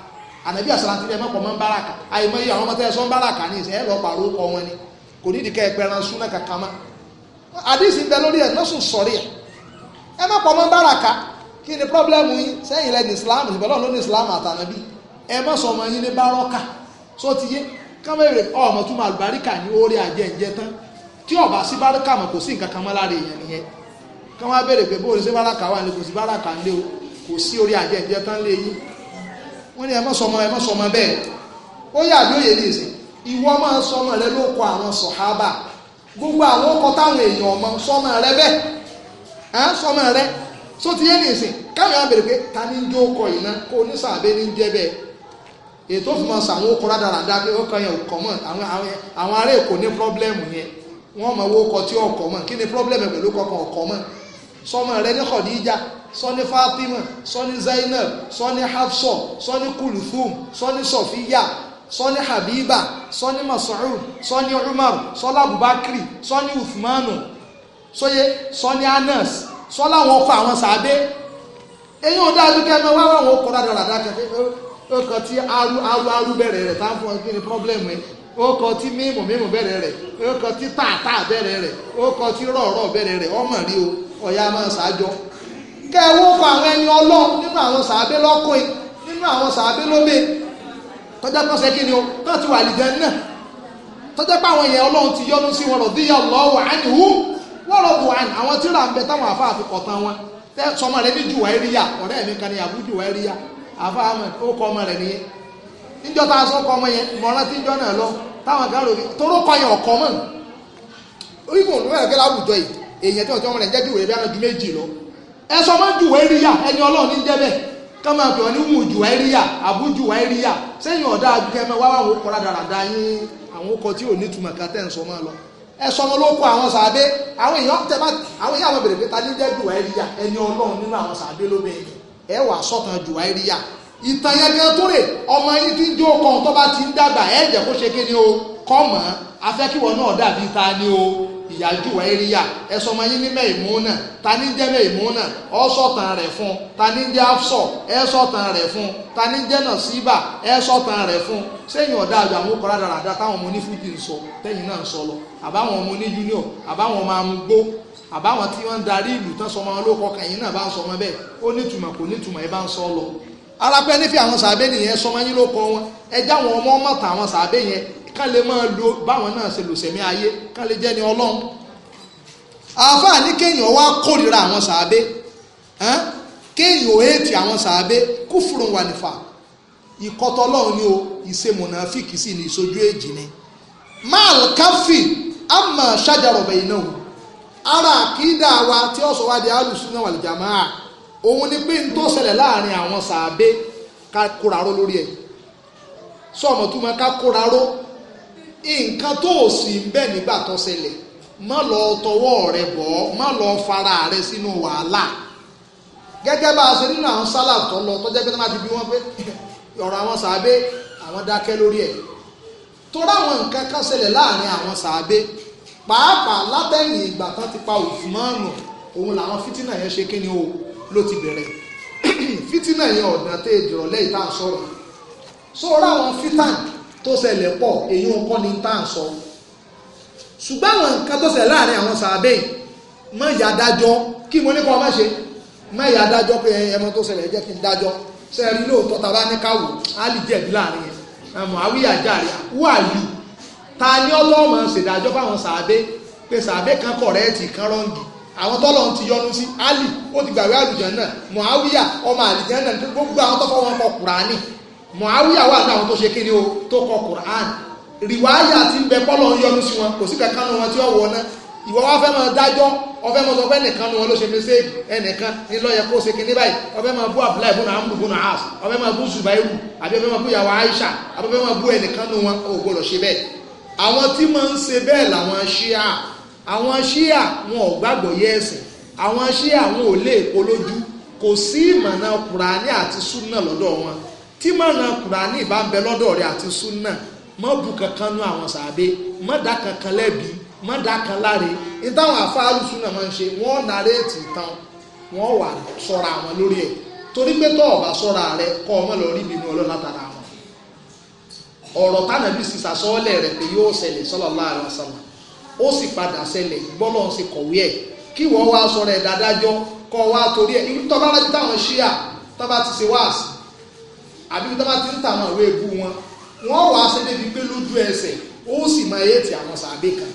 ànàbí àsàlàntì ní ẹmọ́pọ̀ mọ́ ń báràkà àìmọ́ iye àwọn ọmọdé ẹ̀sọ́ ń báràkà ní ìsìn ẹ̀rọ pàrọ̀ ọkọ̀ wọn ni kò ní ìdíkẹ́ ẹgbẹ̀rún súnà kankan mọ́ àdìsí ń bẹ lórí ẹ̀ lọ́sùn sọ̀rí ẹ̀ ẹmọ́pọ̀ mọ́ ń báràkà kí ni pọ́blẹ́mù yín sẹ́yìn lẹ́ni Islam ìbẹ̀lọ́ ló ní Islam só ti yé kámẹ́rẹ̀ ọmọ tó máa báríkà ní orí àjẹǹjẹ tán tí ọba sí báríkà mọ̀ kò sí nǹkan kan mọ́ lára èèyàn nìyẹn káwọn á bèrè pé bóòlù sí báríkà wà ní kò sí báríkà ńlé o kò sí orí àjẹǹjẹ tán lé yín wọ́n ní ẹ má sọmọ ẹ má sọmọ bẹ́ẹ̀ ó yà bí òye lè sè ìwọ máa sọmọ rẹ ló kọ àwọn sọ̀hábà gbogbo àwọn ọkọ táwọn èèyàn ọmọ sọmọ rẹ bẹ́ẹ̀ ẹ sọmọ rẹ só ti yé ní ìsìn káwọn yà bèrè pé ta ni ń jó kọ yìí ná kó onísàbẹ̀ ní ń jẹ́ bẹ́ẹ̀ ètò òfin ọ̀sán àwọn okòrò àdàràdà pé ó kàn yẹn kọ̀ mọ́ àwọn ará èkó ní pọ́blẹ́mù yẹn wọ́n mọ̀ owó kọ tí ọkọ̀ mọ̀ kí ni pọ́blẹ́mù pẹ̀lú kọkàn ọkọ̀ mọ̀ sọmọ rẹ ní kọ̀díjà sọ́ni Fatima sọ́ni Zainab sọ́ni Hafsọ sọ́ni Kulthum sọ́ni Sofiya sọ́ni Habiba sọ́ni Mas'ud sọ́ni Umar sọ́ni Abubakri sọ́ni Uthmanu sóye sọ́ni Anas sọ́ni àwọn ọkọ̀ àwọn sàbẹ́ èyí ò dáa dúkẹ́ mẹ́wàá àwọn ọkọ̀ rádaràdà kẹ́kẹ́ ọkọ̀ tí aru aru aru bẹ̀rẹ̀ rẹ̀ tá a fún ọ kí ni pọ́blẹ́mù ẹ̀ ọkọ̀ tí mímù mímù bẹ̀rẹ̀ rẹ̀ ọkọ̀ tí tààtà bẹ̀rẹ̀ rẹ̀ ọkọ̀ tí rọ̀ọ̀rọ̀ bẹ̀rẹ̀ rẹ̀ ọmọ rí o ọ̀yá máa ṣáájọ́ kẹ́ ẹ wó fún àwọn ẹni ọlọ́run nínú àwọn sàábé lọ́kùnrin nínú àwọn sàábé lóbe tọ́jà pọ́sẹ̀ kí ni o náà ti wà lìjẹ́ náà tọ́jà pé àwọn èèyàn ọlọ́run ti yọ́nú sí wọn lọ díyà lọ́wọ́ àníhù wọ́n lọ bù àní àwọn tí ra ń bẹ táwọn àfa àfi kọ̀tàn wọn sọmọ rẹ ní eriya ọ̀rẹ́ mi kan ní àbú àfa ó kọ ọmọ rẹ nìyẹn tá a sọ kọ ọmọ yẹn ti ẹ sọ mọ́ jùwẹ́ríyà ẹni ọlọ́run ní jẹ́bẹ̀ kọ́ máa pè ọ́ ní mú jùwẹ́ríyà àbú jùwẹ́ríyà sẹ́yìn ọ̀dà àdúgbẹ́mẹ́ wá wàwọn okòó rádaràda yín àwọn okòó tí ò ní túmọ̀ ká tẹ̀ ń sọ máa lọ ẹ sọ wọn ló kó àwọn sàdé àwọn èèyàn tẹ bá àwọn èèyàn àwọn bèrè pé ta ní jẹ́ jùwẹ́ríyà ẹni ọlọ́run nínú àwọn sàdé ló bẹ ẹ wà sọ́tàn jùwẹ́ríyà ìtàn yẹn tó rè ọmọ yín ti ń jó kan tó bá ti ń dàgbà ẹ jẹ́ kó ṣe kí ni o kọ́ mọ́ afẹ́kíwọ náà dàbí ta ni o ìyájú ẹ̀ríyà ẹ̀sọ́ ọmọ yín ní mẹ́ìmúnà ta ní jẹ́ mẹ́ìmúnà ọ̀sọ̀tàn rẹ̀ fún ta ní jẹ́ afsọ̀ ẹ̀sọ̀tàn rẹ̀ fún ta ní jẹ́ nàṣíbà ẹ̀sọ̀tàn rẹ̀ fún sẹ́yìn ọ̀dà àjọ àwọn okòrò àdàràdà táwọn ọmọ onífújì ń sọ tẹ́yìn náà ń sọ lọ àbáwọn ọmọ oní union àbáwọn ọmọ amúgbó àbáwọn tí wọ́n ń darí ìlú tán sọmọ wọn ló kọ kàn yín náà bá ń sọmọ bẹ́ẹ̀ ó nítumọ̀ kò nítumọ̀ ẹ bá ń sọ lọ. arápẹ́ nífi àwọn sàbẹ́ nìyẹn sọmọ yín ló kọ wọn ẹ já wọn ọmọ mọ̀tà àwọn sàbẹ́ yẹn ká lè máa lo báwọn náà ṣe lò sẹ̀mí ayé ká lè jẹ́ ni ọlọ́run àáfàá ní kéèyàn wá kórìíra àwọn sàábé kéèyàn ò èètì àwọn sàábé kúfùrù wà nífà ìkọ́tọ̀ ọlọ́run ni o ìṣe mùnàfíkì sì ní ìṣojú èjì ni máàlù káfí àmà ṣàjàrọ̀bẹ̀ iná o ara àkídà wa tí ó sọ wá di alùsùn náà wà lìjàmá à òun ni pé n tó ṣẹlẹ̀ láàrin àwọn sàábé ká kóraró lórí ẹ̀ sọ ọmọ tó máa ká kóraró nǹkan tó o sì ń bẹ̀ nígbà tó ṣẹlẹ̀ má lọ tọwọ́ rẹ bọ̀ ọ́ má lọ fara rẹ sínú wàhálà gẹ́gẹ́ bá a ṣe nínú àwọn sálàf tó lọ tọ́jẹ́ pé tó má ti bí wọ́n pé ọ̀rọ̀ àwọn sàábé àwọn dákẹ́ lórí ẹ̀ torí àwọn nǹkan kan ṣẹlẹ̀ láàrin àwọn sàábé pàápàá látẹ̀yìn ìgbà tán ti pa Usmanu òun làwọn fítínà yẹn ṣe kíni o ló ti bẹ̀rẹ̀ fítínà yẹn ọ̀dàn tẹ́ ìdìrọ̀lẹ́ ìta sọ̀rọ̀ sọ̀rọ̀ àwọn fítàn tó ṣẹlẹ̀ pọ̀ èyí ń kọ́ ni tá à ń sọ ṣùgbọ́n àwọn nǹkan tó ṣẹlẹ̀ láàrin àwọn sàbẹ̀ mọ ìyá dájọ́ kí mo ní kọ́ ọmọ ṣe mọ ìyá dájọ́ pé ẹmọ tó ṣẹlẹ̀ jẹ́ kí n dájọ́ sẹ́ẹ̀rí lóòótọ́ ta bá ní káwò á lè jẹ̀bi láàrin ẹ̀ àmọ́ àwíyá jàre who are you ta ni ọlọ́mọ ṣèdájọ́ fáwọn sàbẹ̀ pé sàbẹ̀ kan kọ̀rẹ́ẹ̀tì kan rọ́ǹgì àwọn tọ́lọ̀ ti yọnu sí Ali ó ti gbàwé àlùjẹ́ náà Muawiya ọmọ àlùjẹ́ náà gbogbo àwọn tọ́fọ́ wọn kọ Kùránì Muawiya wà láwọn tó ṣe kiri o tó kọ Quran rìwáyà ti ń bẹ pọ́lọ̀ ń yọnu sí wọn kò sí kankan nu wọn tí ó wọ náà ìwọ wá fẹ́ máa dájọ́ ọfẹ́ máa sọ pé ẹnìkan nu wọn ló ṣe mistake ẹnìkan ní lọ́yẹ kó ṣe kíní báyìí ọfẹ́ máa bú Abdullahi bùnà amúlù bùnà as ọfẹ́ máa bú Zubairu àbí ọfẹ́ máa bú yàwó Aisha àbí ọfẹ́ máa bú ẹnìkan nu wọn ò gbọdọ̀ ṣe bẹ́ẹ̀ àwọn tí máa ń ṣe bẹ́ẹ̀ làwọn ṣíà àwọn ṣíà wọn ò gbàgbọ́ yẹ ẹ̀sìn àwọn ṣíà wọn ò lè polójú kò sí ìmọ̀nà Kùránì àti súnà lọ́dọ̀ wọn tí mọ̀nà kùránì bá ń bẹ lọ́dọ̀ rẹ̀ àti súnà mọ́ bu kankan nú àwọn sàbẹ̀ mọ́ da kankan lẹ́bi mọ́ da kan láre ìtàwọn àfáàlù súnà máa ń ṣe wọ́n nàrètì tán wọ́n wà sọ́ra àwọn lórí ẹ̀ torí pé tọ́ ọ̀bà sọ́ra rẹ̀ kọ́ ọmọ lọ rí bínú ọlọ́run látara wọn ọ̀rọ̀ tánàbí sì sàsọ́ọ́lẹ̀ rẹ̀ pé yóò ṣẹlẹ̀ sallallahu alaihi wasallam ó sì padà ti ṣe wáàsì àbí bí tọ́ba ti ń tà àwọn ìwé ebú wọn wọ́n wàá ṣe débi pé lójú ẹsẹ̀ ó sì máa yéètì àwọn sàbẹ kan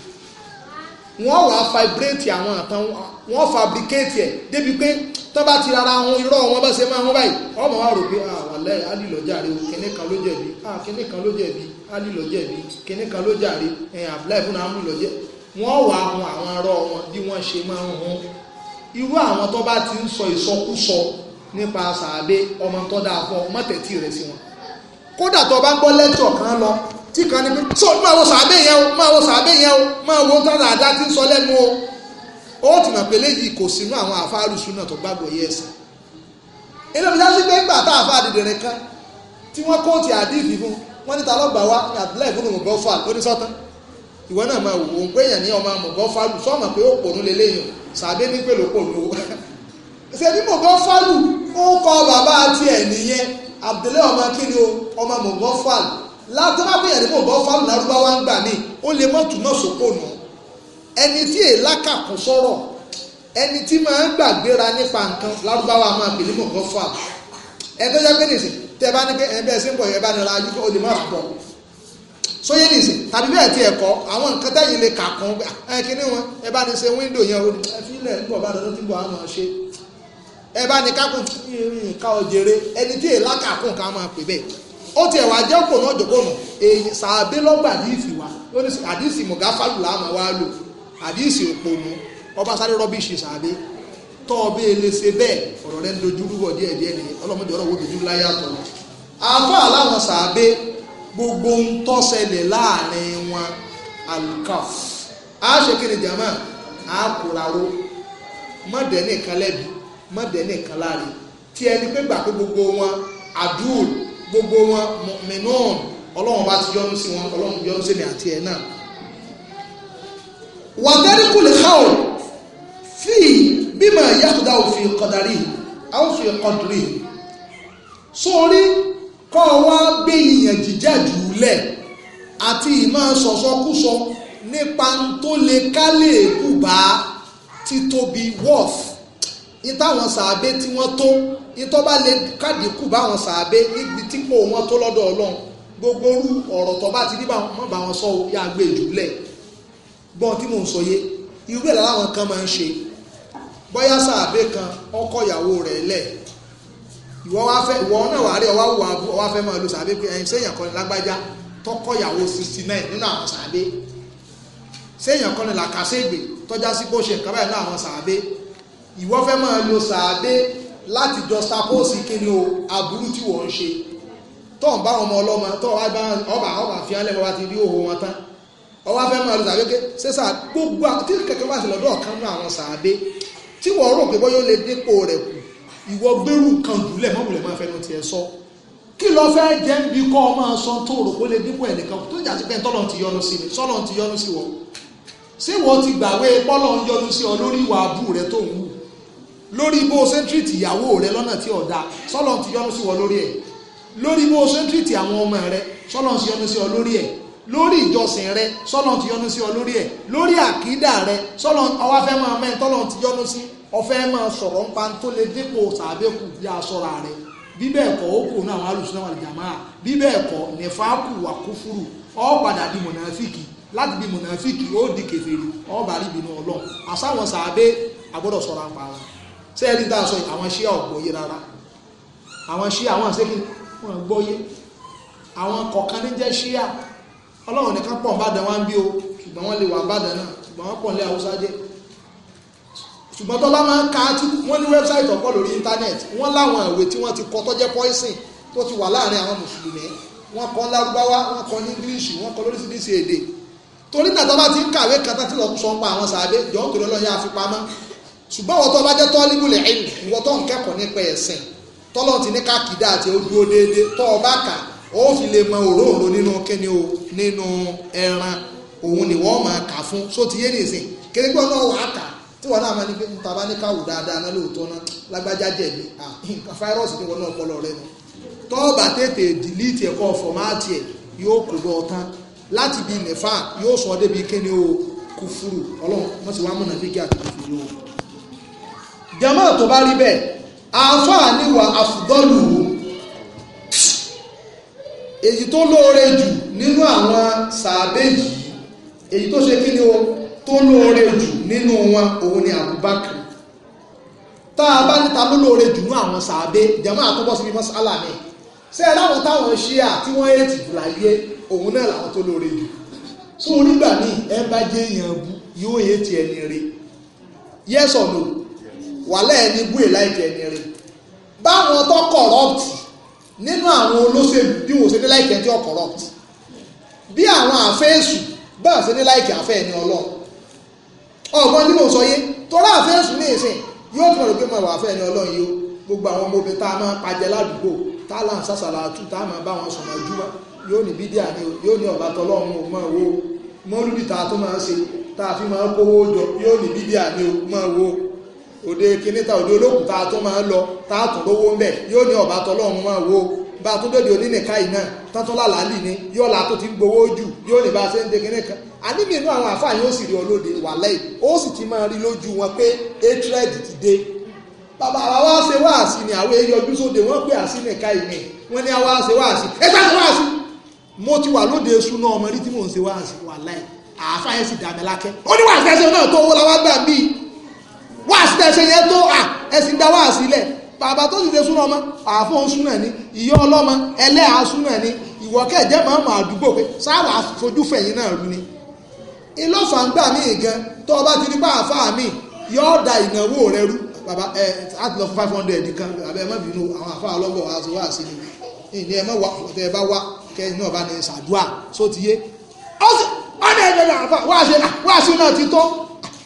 wọ́n wàá fabricate àwọn àtàn wọ́n fabricate ẹ̀ débi pé tọ́ba ti rárá wọn irọ́ wọn bá ṣe máa wọn báyìí ọmọ wa rò pé àwàlẹ́ alìlọ́jàre kínní kan ló jẹ̀bi kínní kan ló jẹ̀bi alìlọ́jẹ̀bi kínní kan ló jàre ẹ̀yìn àbúláì fún àwọn olùlọ́jẹ̀ wọ́n wàá hun àwọn arọ́ wọn bí wọ́n ṣe máa ń hun irú àwọn tó bá ti ń sọ ìsọkúsọ nípa sàádé ọmọ tó dáa fún ọmọ tẹ̀tí rẹ̀ sí wọn kódà tó bá ń gbọ́ lẹ́tọ̀ kan lọ tí kan ní sọ máa wo sàádé yẹn o máa wo sàádé yẹn o máa wo tọ́lá àdá tí ń sọ lẹ́nu o ó ti mọ̀ pé léyìí kò sínú àwọn àfáàrù sùn náà tó gbàgbọ́ yẹ ẹ̀sìn eléyìí lásìkò pé ńgbà tá àfáà dìde rẹ̀ kan tí wọ́n kóòtì àdìfì fún wọ́n ní ta lọ́gbà wá ní àbúlẹ̀ ìfúnnu mọ̀gọ́fà lóníṣọ́tán ìwọ náà máa wò ó ń pè yàn ní ọmọ mọ̀gọ́fà sọ́ọ̀mọ̀ pé ó pònú lélẹ́yìn sàádé ní ṣebí mọ̀gọ́fàlù ó kọ bàbá tiẹ̀ nìyẹn abdullahi ọmọ kíni o ọmọ mọ̀gọ́fàlù látàbíyàn ní mọ̀gọ́fàlù lárúbáwá ń gbà mí ó lè mọ̀tún náà sókò nù ẹni tí èlà kàkún sọ̀rọ̀ ẹni tí máa ń gbàgbéra nípa nǹkan lárúbáwá máa pè ní mọ̀gọ́fàlù ẹ tó jẹ́ pé nìsín tẹ bá ní pé ẹ bẹ́ẹ̀ sí ń bọ̀ ẹ bá nira ayé ó lè má pọ̀ sóyè nìsín tàbí bẹ́ẹ̀ ti ẹ̀kọ́ àwọn nǹkan tẹ́yìn lè kàkún ẹ kíní wọn ẹ bá ní ṣe wíńdò yẹn o ẹ fi ilẹ̀ ń bọ̀ bá lọ́dún tí ń bọ̀ á máa ṣe ẹ bá ní kákùn ká ọjẹrẹ ẹni tí èèlà kàkùn ká máa pè bẹ́ẹ̀ ó tiẹ̀ wá jẹ́ òpò náà jòkónù èyí sàbẹ́ lọ́gbà àdìsí wa àdìsí mọ̀gá fálùlà àmọ́ wa lò àdìsí òpònú ọba sáré rọ́bìṣì sàbẹ́ tọ́ ọ bẹ́ẹ̀ lè ṣe bẹ́ẹ̀ ọ̀rọ̀ rẹ ń dojú rúbọ̀ díẹ̀ díẹ̀ ni ọlọ́mọdé ọ̀rọ̀ wo dojú láyàtọ̀ àfọ́ àláwọn sàbẹ́ gbogbo ń tọ́sẹlẹ̀ láàrin wọn alukaf a ṣe kí ni jama a kúraró mọ̀dẹ́ nìkan lẹ́bi mọ̀dẹ́ nìkan láre tí ẹni pé gbà pé gbogbo wọn adúl gbogbo wọn mìíràn ọlọ́run bá ti yọ́nú sí wọn ọlọ́run yọ́nú sí mi àti ẹ̀ náà. wàtẹ́rìkù lè ká o fi bímọ yàtúndà òfin kọdarí àwòfin kọdùrí sórí kọ́ wa gbé ìyàn jíjà jù lẹ̀ àti ìmọ̀ sọ̀sọ́kúsọ nípa tó lè ká lè kú bá títóbi wọ́ọ̀fù ìtàwọn sàábé tí wọ́n tó ìtọ́ bá lè kádìkù báwọn sàábé níbi tí kò wọ́n tó lọ́dọ̀ ọlọ́run gbogbo orú ọ̀rọ̀ tó bá ti rí báwọn bá wọn sọ yá gbé ìjùlẹ̀ e gbọ́n tí mò ń sọ yé irú ẹ̀ láwọn kan máa ń ṣe bóyá sàábé kan ọkọ ìyàwó rẹ̀ lẹ̀ ìwọ wá fẹ́ ìwọ náà wà á rí ọwá wù wá fẹ́ máa lo sàábé pé ẹ̀yin sẹ́yìn kan lágbájá tọkọ ìyàwó sixty nine nínú àwọn sàábé sẹ́yìn kan làkàṣègbè tọ́já sí bó ṣe nǹkan báyìí nínú àwọn sàábé ìwọ fẹ́ máa lo sàádé láti jọ sapóòsì kíni o aburú tí wọ́n ń ṣe tọ́ọ̀ bá ọmọ ọlọ́mọ tọ́ọ̀ wá bá ọba ọba fi hàn lẹ́mọ́ bá ti rí òhun wọn tán ọwọ́ afẹ́ máa lo sàádé pé sẹ́sà gbogbo tí kẹ̀kẹ́ bá ti lọ́dọ̀ ọ̀kan mú àwọn sàádé tí wọ́n rò pé bóyá ó lè dípò rẹ̀ kù ìwọ gbẹ́rù kan jùlẹ̀ mọ́wùlẹ̀ máa fẹnu tiẹ̀ sọ kí lọ fẹ́ jẹ́ níbi kọ́ ọ máa sọ tó rò pé lè dípò ẹnìkan tó jà sí pé tọ́lọ̀ ti yọnu sí ni sọ́lọ̀ ti yọnu sí wọ́n ṣé wọ́n ti gbàwé pọ́lọ̀ yọnu sí ọ lórí ìwà àbú rẹ̀ tó ń wù lórí bó o ṣe ń tírìtì ìyàwó rẹ lọ́nà tí ò dáa sọ́lọ́ ti yọ́nú sí wọ lórí ẹ̀ lórí bó o ṣe ń tírìtì àwọn ọmọ rẹ sọ́lọ́ ti yọ́nú sí ọ lórí ẹ̀ lórí ìjọsìn rẹ sọ́lọ́ ti yọ́nú sí ọ lórí ẹ̀ lórí àkídà rẹ sọ́lọ́ ọwá fẹ́ máa mẹ́ tọ́lọ́ ti yọ́nú sí ọfẹ́ máa sọ̀rọ̀ ń pa tó lè dípò sàbẹ́kù bí aṣọra rẹ bí bẹ́ẹ̀ kọ́ ó kù náà àwọn alùsùn náà sọ̀rọ̀ àpárá ṣé ẹni tá a sọ àwọn ṣíà ọ̀gbọ́yé rárá àwọn ṣíà àwọn àṣekí wọn gbọ́yé àwọn kọ̀ọ̀kan ní jẹ́ ṣíà ọlọ́run nìkan pọ̀ nbàdàn wá ń bí o ṣùgbọ́n wọ́n lè wà nbàdàn náà ṣùgbọ́n wọ́n pọ̀ nílẹ̀ haúsá jẹ́ ṣùgbọ́n tọ́lá máa ń ka wọ́n ní wẹ́bsáìtì ọ̀pọ̀ lórí íńtánẹ́ẹ̀tì wọ́n láwọn ìwé tí wọ́n ti kọ tó jẹ́ pọ́ìsìn tó ti wà láàrin àwọn mùsùlùmí wọ́n kọ́ lárúbáwá wọ́n kọ́ ní english wọ́n kọ́ lóríṣiríṣi èdè torí náà tọ́lá ti ń kàwé kan tó ti lọ sọ pa àwọn sàbẹ̀ jọ̀ọ́ torí ọlọ́yà àfipamọ́ ṣùgbọ́n ọ̀tọ́ bá jẹ́ tọ́líbùlẹ̀ ẹ̀yìn ìwọ tó ń kẹ́kọ̀ọ́ nípa ẹ̀sìn tọ́lọ́ ti ní kákìdá àti ojú tọ́ ọ bá kà ó fi lè mọ òróòro nínú kíni o nínú ẹran òun ni wọ́n máa kà fún só ti yé nìsín kà tí náà máa ní pé níta bá ní káwù dáadáa náà lóòótọ́ náà lágbájá fáírọ́ọ̀sì ni náà kọ́ lọ rẹ láti bí yóò sọ débi o kúfúrú jama tó bá rí bẹ́ẹ̀ àáfàá níwà àfùdọ́lù èyí tó lóore jù nínú àwọn sàbẹ́yì èyí tó ṣe kí ni o tó lóore jù nínú wọn òun ni Abubakar tá a bá níta ló lóore jù nínú àwọn sàbẹ́ jama àtúbọ̀ síbi mọ́sálà mi ṣé ẹ láwọn táwọn ṣíà tí wọ́n yé tìjú láyé òun náà làwọn tó lóore jù so onígbà míì ẹ bá jẹ́ èèyàn bú yóò yé ti ẹni rí yes or no wàhálà ẹni bú èlà ìjẹ ni báwọn tó corrupt nínú àwọn olóṣèlú bí wọ́n ṣe ní láìkẹ́ tí ó corrupt bí àwọn àfẹ́sù bá ṣe ní láìkẹ́ àfẹ́ ẹni ọlọ́run ọ̀gbọ́n tí mo sọ yé tọ́lá àfẹ́sù ní ìsìn yóò tún ọ̀rọ̀ pé mo wà àfẹ́ ẹni ọlọ́run yìí ó gbogbo àwọn ọmọ obìnrin tá a máa ń pajẹ ládùúgbò tá a là ń sàṣàlà àtú tá a máa bá wọn sọ̀rọ̀ júmọ́ yóò ní bídíà ni yóò ní ọ̀bà tọlọ́run o máa wo mọ́lúdì tá a máa ń ṣe tá a fi máa ń kówó jọ yóò ní bídíà ni o wo òde kìnìta òde olókùn tá a tún máa ń lọ tá a tún lówó ń bẹ̀ yóò ní wo bá a tún dòde oníníka yìí náà ni yóò la ti gbowó jù yóò se bá a ṣe ń de kìnìkà o inú àwọn àfáà yóò sì rí olóde ti máa rí lójú wọn pé hatred ti dé bàbá àwa wá ṣe ni àwọn èèyàn ojú sóde wọn pé yìí ni wọn ní àwa ṣe ẹ mo ti wà lóde esu ọmọ rí tí mò ń ṣe àáfáà yẹn sì ó ní náà tó owó gbà wáàsí tẹ́ ṣe yẹn tó à ẹ̀sìn dá wáàsí lẹ̀ bàbá tó sì ṣe súnà ọmọ àáfọ̀ súnà ni ìyá ẹlẹ́à súnà ni ìwọ kẹ̀jẹ́ máa mọ àdúgbò pé sáwà fojú fẹ̀yìn náà rú ni ìlọ́fà gbà mí gan tó o bá ti ní pàáfà mi yóò da ìnáwó rẹ rú bàbá ẹ àti lọ fún five hundred nìkan àbẹ ẹ má bínú àwọn àfa wa sí wá sí ni ìní ẹ má wá ẹ bá wá kẹ ẹ náà bá ní ti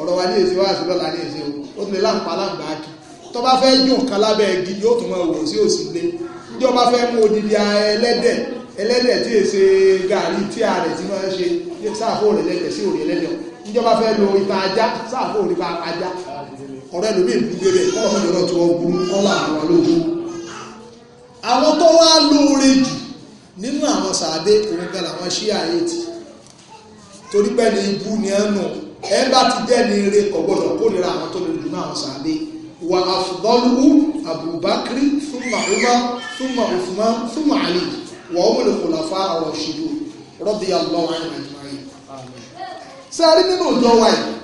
ọ̀rọ̀ wa ní èsì wá àṣìlọ́ la ní èsì o ó tún lè láǹpa láǹgbà ákì tó bá fẹ́ jùn kan lábẹ́ igi yóò tún máa wò sí òsì lé níjọ́ bá fẹ́ mú odidi ẹlẹ́dẹ̀ ẹlẹ́dẹ̀ tí èsè gàrí tí a rẹ̀ ti máa ṣe sáàfó rẹ̀ lẹ́dẹ̀ sí òrì ẹlẹ́dẹ̀ níjọ́ bá fẹ́ lo ìta ajá sáàfó òrì bá ajá ọ̀rọ̀ ẹlòmíì ń dúró rẹ̀ kọ́ ọ̀rọ̀ ọ̀rọ̀ tí wọ́n burú kọ́lá àwọn ológun àwọn tó wá lóore jù nínú àwọn sàádé òun gan làwọn ṣíà 8 torí pẹ́ni ibú ni ẹ̀ nù ẹ bá ti jẹ́ ní eré kò gbọ́dọ̀ kórìíra àwọn tó lè dùn náà sàbẹ̀ wà àfùbọ́lùwù àbùbákírí súnmà Umar súnmà Usman súnmà Ali wà ó mọ̀lẹ̀ kò láfa àwọn òṣèlú rọ́bì àlọ́ sáré nínú ìjọ wa yìí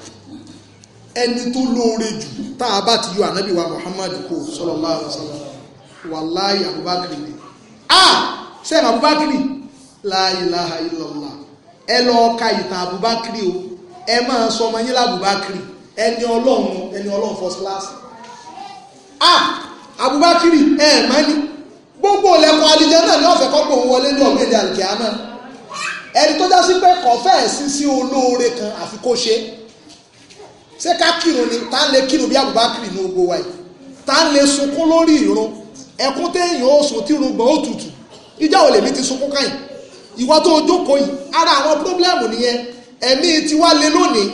ẹni tó lóore jù tá a bá ti yọ ànábì wa Muhammad kò sallallahu alaihi wasallam wàláyé Abubakar ni ah sẹ́yìn Abubakar la ilaha illallah ẹ lọ ka ìtàn Abubakar o ẹ máa sọ ọmọ yín lábùbákiri ẹni ọlọ́run ẹni ọlọ́run first class ah abubakiri ẹ máa ní gbogbo ìlẹ̀kùn àlìjẹ náà ní ọ̀fẹ́ kọ́pọ̀ òun wọlé ní ọ̀gbẹ́ni àlìkíá náà ẹni tó já sí pé kọ̀fẹ́ sí sí olóore kan àfi kó ṣe ṣé ká kírun ni tá ń lè kírun bí abubakiri ní gbogbo wa yìí tá ń lè sunkún lórí ìrun ẹkún téèyàn ó sùn tí irun gbọ̀n ó tutù ìjà ò lè mi ti sunkún káyìn ìwà tó o jókòó yìí ara àwọn pírọ́blẹ́mù nìyẹn ẹ̀mí tiwa lé lónìí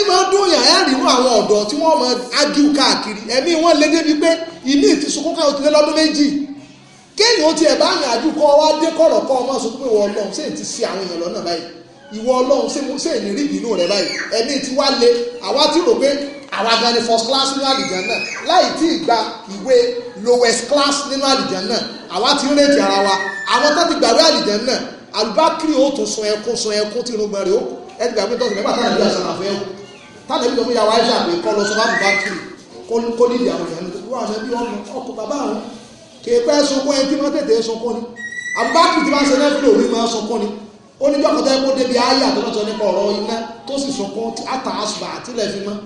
ìmọ̀ dúnyàn ẹ̀ rínú àwọn ọ̀dọ́ tí wọ́n mọ̀ ágíw káàkiri ẹ̀mí wọn lé débi pé ìmí ti sunkún káwọn ti lé lọ́dún méjì kéèyàn ó tiẹ̀ bá yàn àjù kọ́ wá dé kọ̀rọ̀ kọ́ ọmọ sọ pé ìwọ ọlọ́run ṣé ti ṣe àwọn èèyàn lọ́nà báyìí ìwọ ọlọ́run ṣé ṣé ní rí ìbínú rẹ báyìí ẹ̀mí ti wá lé àwa ti rò pé àwa gan ni first class nínú àlìjàn náà láì tí ì gba ìwé lowest class nínú àlìjàn náà àwa ti ń rètí ara wa àwọn tó ti gbàwé àlìjàn náà alubakiri ó tún sun ẹkún sun ẹkún tí irun gbọ̀nrẹ̀ ó ẹni gbàgbé tọ́sí mẹ́fà tánà bí aṣọ àfẹ́ ẹkún tánà bí ọmọ ìyàwó ayé àgbẹ̀ kọ́ lọ sọ fún alubakiri kó nídìí àwọn ìyàwó tó wà sẹ́bí ọkọ̀ bàbá àwọn kèépẹ́ sunkún ẹni tí wọ́n tètè sunkún ni alubakiri ti máa ṣe lẹ́fún lórí máa sunkún ni ó ní bíọ́kọ̀ tẹ́ kó débi ayé àtọ́nàtọ́ nípa ọ̀rọ̀ iná tó sì sunkún àtà àṣùbà àtìlẹ̀ fi mọ́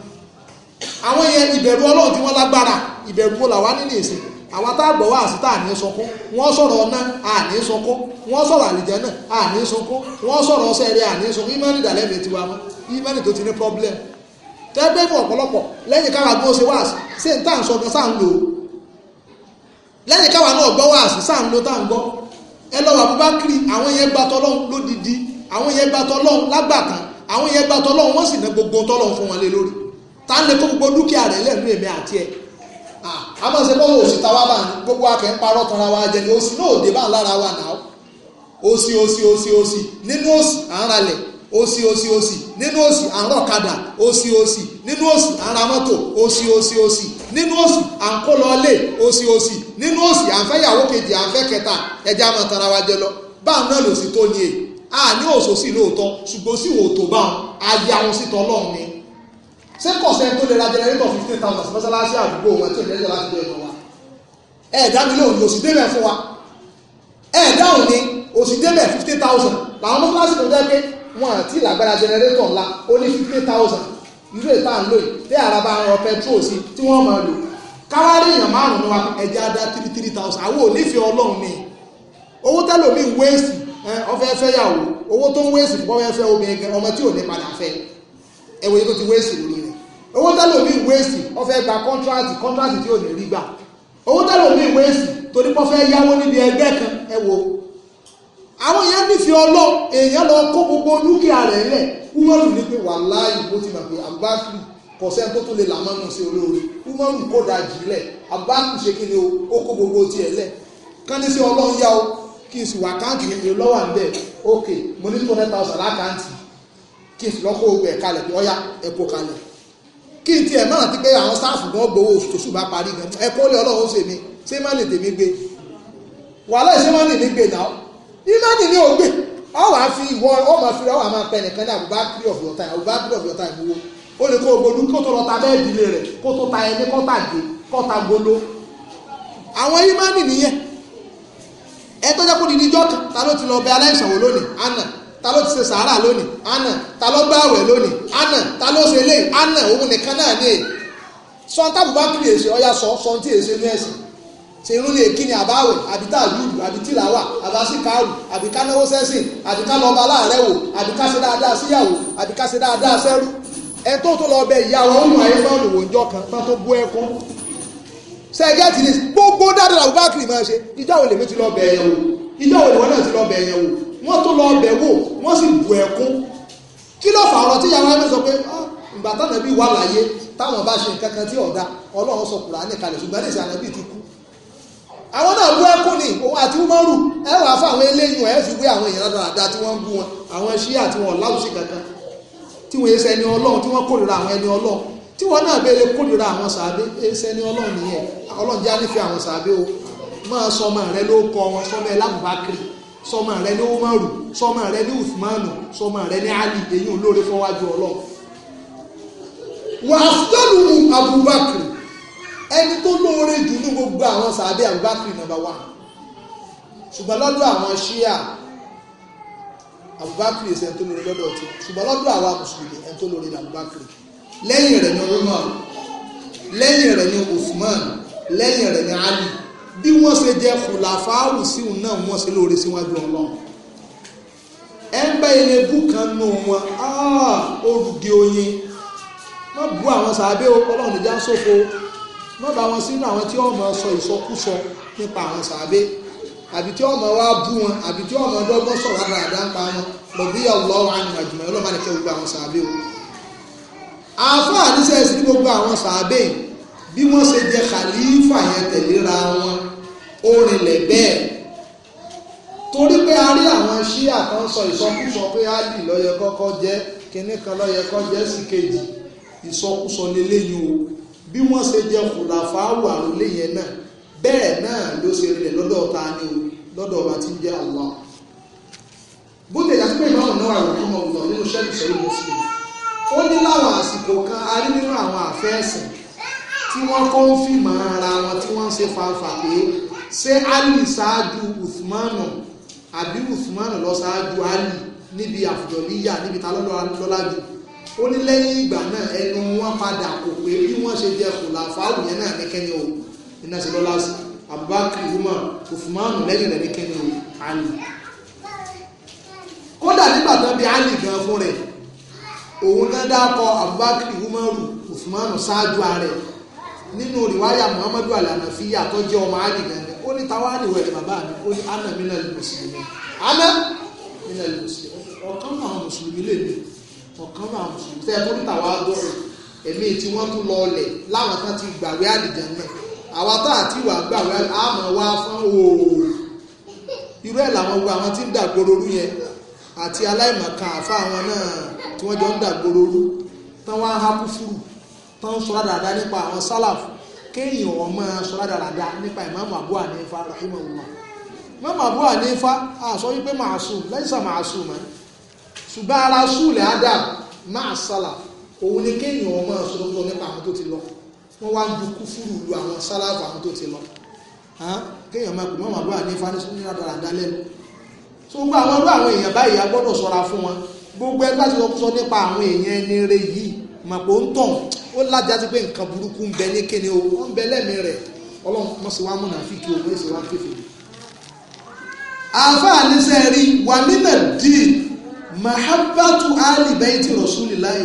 àwọn yẹn ìbẹ̀rù Ọlọ́run tí wọ́n lágbára ìbẹ̀rù wo làwa nínú ìsìn àwọn tá a gbọ́ wá àsìtá àní sunkún wọ́n sọ̀rọ̀ ọ̀nà àní sunkún wọ́n sọ̀rọ̀ àlìjánà àní sunkún wọ́n sọ̀rọ̀ ọ̀sẹ̀ rẹ̀ àní sunkún ìmọ̀nì ìdàlẹ́mì ti wa mọ́ ìmọ̀nì tó ti ní problem tẹ́gbẹ́ fún ọ̀pọ̀lọpọ̀ lẹ́yìn káwa gbọ́ ṣe wáàsì ṣé n tá à ń sọ gan sáà ń lò ó lẹ́yìn káwa náà gbọ́ wáàsì sáà ń lo tá à ń gbọ́ ẹ lọ wà búbákiri àwọn yẹn gba tọlọ́hún lódìdí àwọn yẹn gba tọlọ́hún lágbàtà àwọn yẹn gba tọlọ́hún wọ́n sì ná gbogbo tọlọ́hún fún wọn lé lórí ta lè kó gbogbo dúkìá rẹ̀ lẹ́nu èmi àti ẹ̀ a máa ṣe bọ́wọ́ òsì táwa bá gbogbo akẹ́ ń parọ́ tanra wa jẹ òsì náà òde bá lára wa nà ó òsì òsì òsì òsì nínú òsì à ń ralẹ̀ òsì òsì òsì nínú òsì à ń rọ̀kadà òsì òsì nínú òsì à ń ra mọ́tò òsì òsì òsì nínú òsì à ń kó lọ lé òsì òsì nínú òsì à ń fẹ́ yàwó kejì à ń fẹ́ kẹta ẹja máa tanra wa jẹ lọ báwọn náà lòsì tó ní e a ní òsòsì lóòótọ́ ṣùgbọ́n sí òótọ́ báwọn ṣé kọ̀sẹ̀ tó lè ra jẹnẹrétọ̀ fifteen thousand sí mọ́sálásí àdúgbò wọn tí ò lẹ́jọ́ láti dé ẹ̀kọ́ wa ẹ̀ẹ́dá mi lóhùn ni òsì débẹ̀ fún wa ẹ̀ẹ́dá òun ni òsì débẹ̀ fifteen thousand làwọn mọ́sálásí tó jẹ́ pé wọn àti ìlàgbára jẹnẹrétọ̀ ńlá ó ní fifteen thousand irú ìta ń lò yìí tẹ́ ara bá ń rọ pẹtrol sí tí wọ́n máa lò káwárí èèyàn márùn-ún wa ẹ̀jẹ̀ adá three three thousand àwọn onífẹ́ ọlọ́run ni owó tẹ́lòmíì wéèsì ọfẹ́ fẹ́ yàwó owó tó ń wéèsì fún ọfẹ́ fẹ́ obìnrin ọmọ tí ò ní padà fẹ́ ẹ̀wọ̀n yìí tó ti wéèsì lórí owó tẹ́lòmí wéèsì wọ́n fẹ́ gba kọ́ńtíráàtì kọ́ńtíráàtì tí ò ní rí gbà owó tẹ́lòmí wéèsì torí pọ́ fẹ́ yáwó níbi ẹgbẹ́ kan ẹ wo àwọn èèyàn nífẹ̀ẹ́ ọlọ́ èèyàn lọ kó gbogbo dúkìá rẹ̀ lẹ̀ umaru ní pé wàláhì bó ti mọ̀ pé abubakar kọ̀sẹ́ tó tún lè làmọ́nà sí olóore umaru kó dajì lẹ̀ abubakar ṣe kí ni ó kó gbogbo tiẹ̀ lẹ̀ kánní sí ọlọ́run yá o kí n sì wà káàkì èyí lọ́wọ́ à ń bẹ̀ ok mo ní two hundred thousand lákàntì kí n sì lọ́kọ́ ogun ẹ̀ kalẹ̀ ọ̀ya ẹ̀kọ́ kalẹ̀ kí n tiẹ̀ máa ti pé àwọn sáàfù gan gbowó oṣù tó ṣùgbọ́n parí gan ẹ kó lé ọlọ́run ṣe mi ṣé má lè tèmi gbé wàhálà ṣé má lè mi gbé náà ìmánì ni ò gbé ọ wàá fi ìwọ ọ máa fi ọ máa pẹ nìkan ní àbúgbá kiri of your time àbúgbá kiri of your time gbowó ó lè kó o gbodú kó tó lọ ta bẹ́ẹ̀ ìdílé rẹ̀ kó tó ta ẹni kó tà dé kó ta gbolo àwọn ìmánì nìyẹn ẹ tó jẹ́ kó di níjọ́ kan ta ló ti lọ bẹ aláìsàn wò lónìí ta ló ti ṣe sàárà lónìí àná ta ló gbá àwẹ̀ lónìí àná ta ló ṣe eléyìí àná òun nìkan náà ní èyí sọ tábù bá kiri èsì ọyá sọ sọ èsì ní ẹsìn ṣe irun ni àbáwẹ̀ àbí tààlúùlù àbí tìlàwà àbí àṣìkáàlù àbí ká náwó sẹ́sìn àbí ká lọ́ọ́ bá láàrẹ̀ wò àbí ká ṣe dáadáa síyàwó àbí ká ṣe dáadáa sẹ́rú ẹ tó tó lọ́ọ́ bẹ ìyàwó ọ̀hún ayé fọ́ọ̀nù wò ń jọ kan bá tó bú ẹkún sẹ́gẹ́tì ní gbogbo dáadáa àbúkà kiri máa ṣe ìjọ́ òlèmí ti lọ́ọ́ bẹ ẹ̀yẹ̀wò ìjọ́ òlèmí náà ti lọ́ọ́ bẹ ẹ̀yẹ̀wò wọ́n tó lọ ọbẹ̀ wò wọ́n sì bù ẹ̀kún kí ló fà ọ̀rọ̀ tí yàrá ẹ̀mí sọ pé ah, ìgbà táwọn ẹbí wà láyé táwọn bá ṣe nǹkan kan tí ọ̀dà ọlọ́run sọ Kùránì kalẹ̀ ṣùgbọ́n ní ìsìn ànábì ti kú àwọn náà bú ẹkún ni òun àti umaru ẹ wàá fún àwọn eléyìn ẹ fi wé àwọn èèyàn dáadáa tí wọ́n ń bú wọn àwọn ṣíà tí wọ́n láwùsí kankan tí wọ́n ẹsẹ̀ ni ọlọ́run tí wọ́n kórìíra àwọn ẹni ọlọ́run tí wọ́n náà bẹ̀rẹ̀ kórìíra àwọn sàbẹ̀ ẹsẹ̀ ni ọlọ́run nìyẹn ọlọ́run já nífẹ̀ẹ́ àwọn sàbẹ̀ o máa sọ ọmọ rẹ ló kọ wọn sọmọ ẹ lábùbákiri sọmọ rẹ ní umaru sọmọ rẹ ní usmanu sọmọ rẹ ní ali èyí ò lóore fọwájú ọlọ́run wàásùlùmù abubakar ẹni tó lóore jù ní gbogbo àwọn sàbẹ abubakar nàbà wà ṣùgbọ́n lọ́dọ̀ àwọn ṣíà abubakar ẹsẹ̀ tó lóore lọ́dọ̀ ọtí ṣùgbọ́n lọ́dọ̀ àwa mùsùlùmí ẹni tó lóore ní abubakar lẹ́yìn rẹ̀ ní umar lẹ́yìn rẹ̀ ní usman lẹ́yìn rẹ̀ ní ali bí wọ́n ṣe jẹ kùlàfáàrù síhùn náà wọ́n ṣe lóore síwájú ọlọ́run ẹ ń bá ilé bú kan nù wọn olùgé ah, oyin wọ́n bu àwọn sàbẹ́ ọlọ́run ìjà sófo wọ́n bá wọn sínú àwọn tí wọ́n mọ̀ sọ ìsọkúsọ nípa àwọn sàbẹ́ àbí tí wọ́n mọ̀ wá bú wọn àbí tí wọ́n mọ̀ dọ́gbọ́n sọ̀rọ̀ àdáradá ń pa wọn lọ́bí ọlọ́run àyìn àjùmọ̀ ọlọ́run àti kẹ́ gbogbo àwọn sàbẹ́ o àáfàá níṣẹ́ sí gbogbo àwọn sàbẹ́ yìí bí wọ́n ṣe jẹ khalifa yẹn tẹ̀léra wọn ó rinlẹ̀ bẹ́ẹ̀ torí pé a rí àwọn ṣíà kan sọ ìsọkúsọ pé ali lọ́yẹ kọ́kọ́ jẹ́ kinní kan lọ́yẹ kọ́ jẹ́ sí kejì ìsọkúsọ lélẹ́yìn o bí wọ́n ṣe jẹ kùlàfáàwù àròlé yẹn náà bẹ́ẹ̀ náà ló ṣe rinlẹ̀ lọ́dọ̀ ta ni o lọ́dọ̀ ọba tí ń jẹ́ Allah bó ti ẹ̀dá pé ìmáàmù náà àwọn ọmọ ọ̀gbọ̀n nínú ṣẹ́ẹ̀lì sọ́yìn mọ́sílẹ̀ ó ní láwọn àsìkò kan a nínú àwọn àfẹ́ ẹ̀sìn tí wọ́n kọ́ ń fìmọ̀ ara wọn tí wọ́n ń ṣe fanfà pé ṣé Ali ṣáájú Usmanu àbí Usmanu lọ ṣáájú Ali níbi àfùjọ̀líyà níbi ta lọ́lá jù ó ní lẹ́yìn ìgbà náà ẹnu wọn padà kò pé bí wọ́n ṣe jẹ kò láfáàlù yẹn náà ní kẹ́ni o iná ṣe lọ́lá sí Abubakar Umar Usmanu lẹ́yìn rẹ̀ ní kẹ́ni o Ali kódà nígbà tán bí Ali gan fún rẹ̀ òun náà dákọ̀ Abubakar Umaru Usmanu ṣáájú ààrẹ nínú rìwáyà muhammadu alana fi yà tó jẹ́ ọmọ àdì gẹ́gẹ́ ó ní táwa ni wẹ̀rẹ̀ bàbá mi ó ní ana mina lè mùsùlùmí ana mina lè mùsùlùmí ọ̀kan náà mùsùlùmí lè mi ọ̀kan náà mùsùlùmí tẹ́ ẹ tó ní táwa dọ̀rọ̀ ẹ̀mí tí wọ́n tún lọ ọlẹ̀ láwọn kan ti gbàwé àdìjẹ náà àwa tá àti ìwà gbàwé àmọ́ wá fún òòrùn irú ẹ̀ làwọn gbogbo àwọn tí ń dàgbòrò orú yẹn àti aláìmọ̀kan àfa àwọn náà tí wọ́n jọ ń dàgbòrò orú tán wá hákú fúrù tó ń sọ dáadáa nípa àwọn sálàf kéèyàn wọn máa sọ dáadáa nípa ìmáàmù Abu Hanifa rahimahullah ìmáàmù Abu Hanifa àṣọ wípé màásù lẹ́sà màásù mọ́ ṣùgbọ́n ara súùlẹ̀ ádà máa sálàf òun ni kéèyàn wọn máa sọ lọ́tọ̀ nípa àwọn tó ti lọ wọ́n wá ń bu kúfúrú lu àwọn sálàf àwọn tó ti lọ kéèyàn máa pè mọ́ Abu Hanifa ní dáadáa lẹ́nu tó gbọ́ àwọn irú àwọn èèyàn báyìí a gbọ́dọ̀ sọ́ra fún wọn gbogbo ẹgbẹ́ tí ó lájà sí pé nǹkan burúkú ń bẹ ní kíni o wọ́n bẹ lẹ́mìí rẹ̀ ọlọ́run mọ̀ sí wa múnà fíkì o wọ́n wa wá kéfì. àáfàá níṣẹ́ rí wàmínà díì mahabbatu alibaiti rasulillahi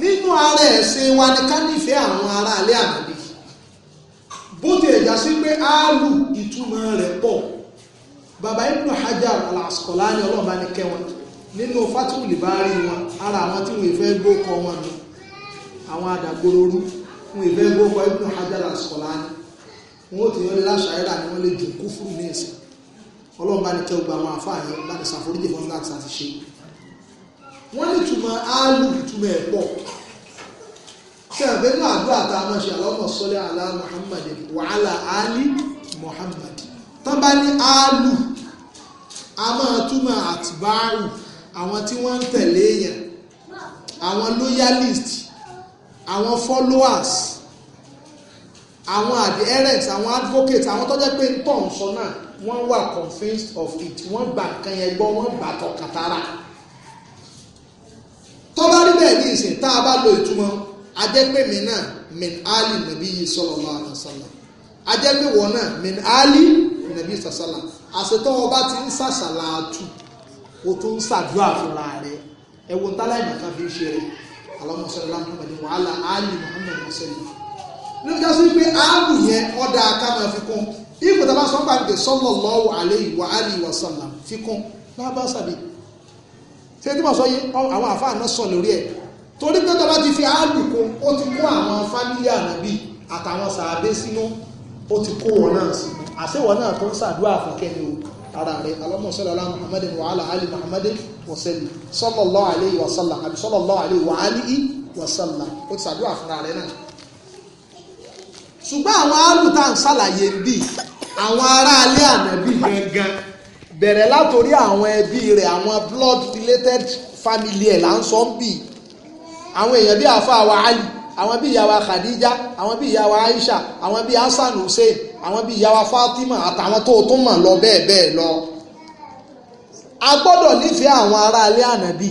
nínú ara wa ni ká nífẹ̀ẹ́ àwọn ará alẹ́ àbẹ̀bí bó ti ẹ̀já sí pé áálù ìtumọ̀ rẹ̀ pọ̀ bàbá ọlọ́ọ̀bá nínú fátìwìlì bá rí wọn ara àwọn tí wọn ìfẹ́ gbókọ wọn ni àwọn àdàgbòrorú wọn ìfẹ́ gbókọ ibùdó hajjara sọ̀lá ni wọn ó ti yọ láṣà ẹ̀rà ni wọ́n lè jù kú fún ní ìsìn ọlọ́run bá ní tẹ́ gba àwọn àfáà yẹn láti ṣàforíjì fún láti ṣàti ṣe wọ́n ní túmọ̀ áálù túmọ̀ ẹ̀ pọ̀ sẹ́ẹ̀bẹ́nu àdúrà tá a máa ṣe àlọ́mọ̀ sọ́lẹ̀ àlá Muhammad wàhálà áálì Muhammad tán bá ní áálù a máa túmọ̀ àtìbáàrù àwọn tí wọ́n ń tẹ̀lé èèyàn àwọn loyalist àwọn followers àwọn adherents àwọn advocates àwọn tó jẹ́ pé ń tọ̀ ń sọ náà wọ́n wà convinced of it wọ́n gbà nǹkan yẹn gbọ́ wọ́n gbà tọkàtàrà tó bá rí bẹ́ẹ̀ ní ìsìn tá a bá lo ìtumọ̀ ajẹ́pẹ̀mí náà min ali nàbí yìí sallallahu alaihi wasallam ajẹ́pẹ̀wọ̀ náà min ali nàbí sallallahu alaihi wasallam àṣetọ́ ọba ti ń sàṣàlà àtúntò o tún ń ṣàdúrà fúnra rẹ ẹ wo ntálá ìmọ̀ká fi ń ṣe rẹ Allahumma salli ala Muhammadin wa ala ali Muhammad sallam nínú jásí pé áàlù yẹn ọ̀dà akáwọn fi kún ipò tá a bá sọ pé àgbẹ̀ sallallahu alayhi wa alihi wa sallam fi kún bá a bá sàbí ṣé tí mo sọ yé àwọn àfáà náà sọ lórí ẹ̀ torí pé tó bá ti fi áàlù kún ó ti kó àwọn fámílì ànábì àtàwọn sàábé sínú ó ti kó wọn náà sínú àṣewọ náà tó ń ṣàdúrà fún kẹ́ni o ara rẹ̀ alọ́mọ̀sọ́lá ala muhammadin wa ala ali muhammadin wa sallam sallallahu alayhi wa sallam àbí sallallahu alayhi wa alihi wa sallam ó ti sàdúrà fúnra rẹ̀ náà. ṣùgbọ́n àwọn alùtà ń ṣàlàyé bí àwọn aráalé ànábì gangan bẹ̀rẹ̀ látòrí àwọn ẹbí rẹ̀ àwọn blood related family ẹ̀ là ń sọ ń bì àwọn èèyàn bí àfa àwa ali àwọn bíi ìyàwó Khadija àwọn bíi ìyàwó Aisha àwọn bíi Hasan Hussein àwọn bíi ìyàwó Fatima àtàwọn tó tún mọ̀ lọ bẹ́ẹ̀ bẹ́ẹ̀ lọ. a gbọ́dọ̀ nífẹ̀ẹ́ àwọn aráalé ànábì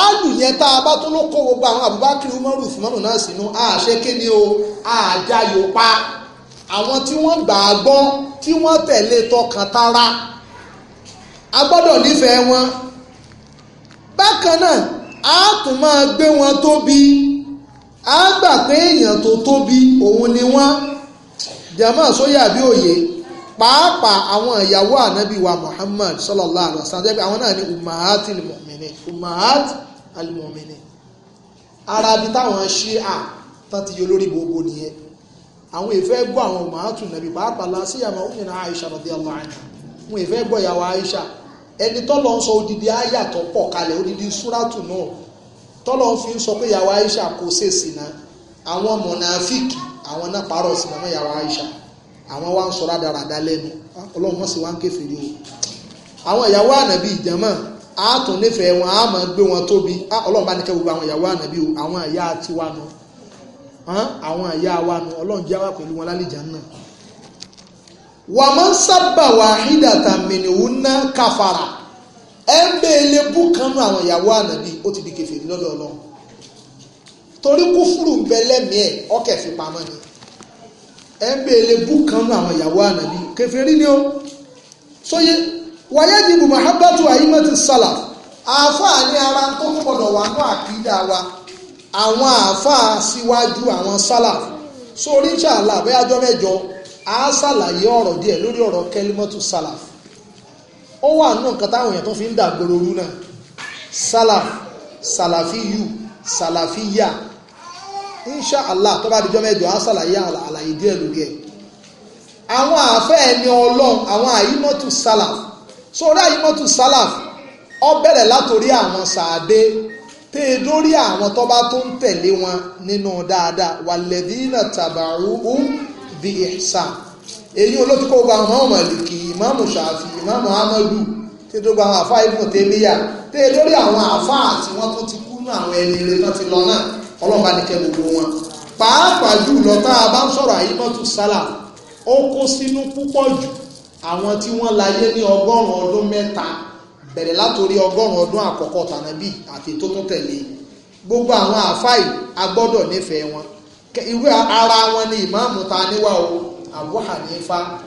áàlù yẹn tá a bá tún ló kó gbogbo àwọn Abubakar Umaru Usmanu náà sínú àṣẹ kéde o àjàyò pa àwọn tí wọ́n gbà á gbọ́ tí wọ́n tẹ̀lé tọkàn tara a gbọ́dọ̀ nífẹ̀ẹ́ wọn bákan náà a tún máa gbé wọn tóbi á gbà pé èèyàn tó tóbi òun ni wọ́n jama sóyà bí òye pàápàá àwọn ìyàwó ànábì wa Muhammad sallallahu alaihi wasallam jẹ́ pé àwọn náà ní umahat al umahat al-mu'minin táwọn ṣe tán ti yọ lórí gbogbo nìyẹn àwọn ìfẹ́ gbọ́ àwọn umahatun nàbí pàápàá la sí àmà òmìnira Aisha radiyallahu anha wọn ìfẹ́ gbọ́ ìyàwó Aisha ẹni tó ń sọ odidi ayà tó pọ̀ kalẹ̀ odidi súrátù náà tọ́lọ́ fi ń sọ pé yàwó Aisha kò ṣe sìnà àwọn mọ̀nàfíìkì àwọn náà parọ́ sìnà mọ́ yàwó Aisha àwọn wa ń sọ rádaràda lẹ́nu ah, ọlọ́run wọ́n sì wá ń kèfèrí o àwọn ìyàwó ànàbí ìjàmọ́ àátún nífẹ̀ẹ́ wọn àá máa gbé wọn tóbi ah, ọlọ́run bá ní kẹ́ gbogbo àwọn ìyàwó ànàbí o àwọn ìyá tiwa nu ah, àwọn ìyá wa nu ọlọ́run jẹ́ wà pẹ̀lú wọn lálẹ́ ìjàmọ́ wàmọ́ sábà wàhídà tàmínìhùn káfàrà ẹ ń bẹ elébú kan nú àwọn ìyàwó ànábì ó ti di kèfèrí lọ́dọ̀ ọlọ́run torí kúfúrú ń bẹ lẹ́mìí ẹ̀ ọkẹ̀ fi pamọ́ ni ẹ ń bẹ elébú kan nú àwọn ìyàwó ànábì kèfèrí ni ó sóye wàyẹ́dìbò mahabatu ayimati salaf àáfàá ní ara tó gbọdọ̀ wà ní àkídà wa àwọn àáfàá síwájú àwọn salaf sórí ìṣàlà bẹ́ẹ̀ àjọ mẹ́jọ àá ṣàlàyé ọ̀rọ̀ díẹ̀ lórí ọ̀rọ̀ kẹlímọ́tù salaf ó wà nínú nǹkan táwọn èèyàn tó fi ń dàgbòrò orú náà salaf salafiyu salafiya insha allah tó bá dijọ́ mẹ́jọ á ṣàlàyé àlàyé díẹ̀ lóge àwọn àfẹ́ ẹni ọlọ́run àwọn àyímọ́tù salaf sórí àyímọ́tù salaf ó bẹ̀rẹ̀ látòrí àwọn sàádé tẹ́ dórí àwọn tó tó ń tẹ̀lé wọn nínú dáadáa wàlẹ́dínà tàbàrú bí ihsan èyí olóòtú kó gba ìmáàmù màlìkì ìmáàmù ṣàfi ìmáàmù amadu tí tó gba àwọn àfa ibùn tèmíyà tẹ lórí àwọn àfa àti wọn tó ti kú náà àwọn ẹni rẹ náà ti lọ náà ọlọ́mọba ní kẹ gbogbo wọn. pàápàá jù lọ tá a bá ń sọ̀rọ̀ àyímọ́tò sálà ó kó sínú púpọ̀ jù àwọn tí wọ́n láyé ní ọgọ́rùn-ún ọdún mẹ́ta bẹ̀rẹ̀ látòrí ọgọ́rùn-ún ọdún àkọ́kọ́ tànàbí àti tó Abu Hanifa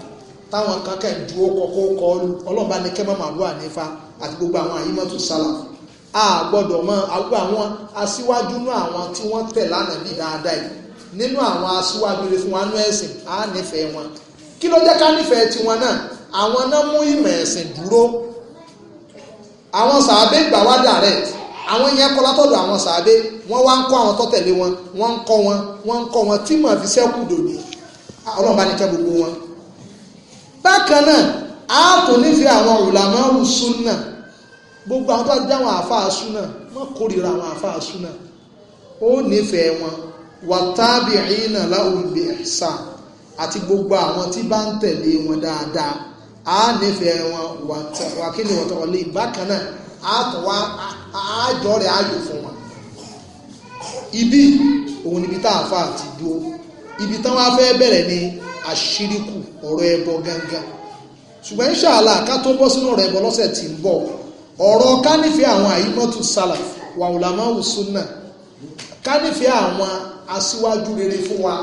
táwọn kan kẹ́ ń du ókọ̀kọ́ kọ́ lu ọlọ́ọ̀bá ní kẹ́mọ́ Abu Hanifa àti gbogbo àwọn àyímọ́tò sálàfù a gbọ́dọ̀ mọ àwọn àwọn aṣíwájú nú àwọn tí wọ́n tẹ̀ lánàá bí dáadáa yìí nínú àwọn aṣíwájú rẹ fún wọn nú ẹ̀sìn á nífẹ̀ẹ́ wọn kí ló jẹ́ ká nífẹ̀ẹ́ tiwọn náà àwọn náà mú ìmọ̀ ẹ̀sìn dúró àwọn sàábé gbà wá direct àwọn yẹn kọ́ látọ̀dọ̀ àwọn sàábé wọ́n wá ń kọ́ àwọn tọ́tẹ̀lé wọn wọ́n ń kọ́ wọn wọ́n ń kọ́ wọn tí mọ̀ fi sẹ́kù dòdò ọlọ́run bá ní kẹ́ gbogbo wọn. bákan náà a tún nífẹ̀ẹ́ àwọn olùlàmọ́rù súnà gbogbo àwọn tó bá jẹ́ àwọn àáfàá súnà wọ́n kórìíra àwọn àáfàá súnà ó nífẹ̀ẹ́ wọn wàtábìrínà láwùn bí ẹ̀sà àti gbogbo àwọn tí bá ń tẹ̀lé wọn dáadáa á nífẹ̀ẹ́ wọn wàkíní wọ̀tọ̀ọ̀lẹ́ bákan náà á tọ̀ wá àájọ rẹ̀ ayò fún wọn. ibi òun níbi tá a ti dúró ibi táwọn afẹ́ bẹ̀rẹ̀ ni àṣírìkù ọ̀rọ̀ ẹbọ gangan ṣùgbọ́n ṣàlà ká tó bọ́ sínú ọ̀rọ̀ ẹbọ lọ́sẹ̀ tí ń bọ̀ ọ̀rọ̀ kánífẹ́ àwọn àyímọ́tò salaf wà ulamahu sunna kánífẹ́ àwọn aṣíwájú rere fún wa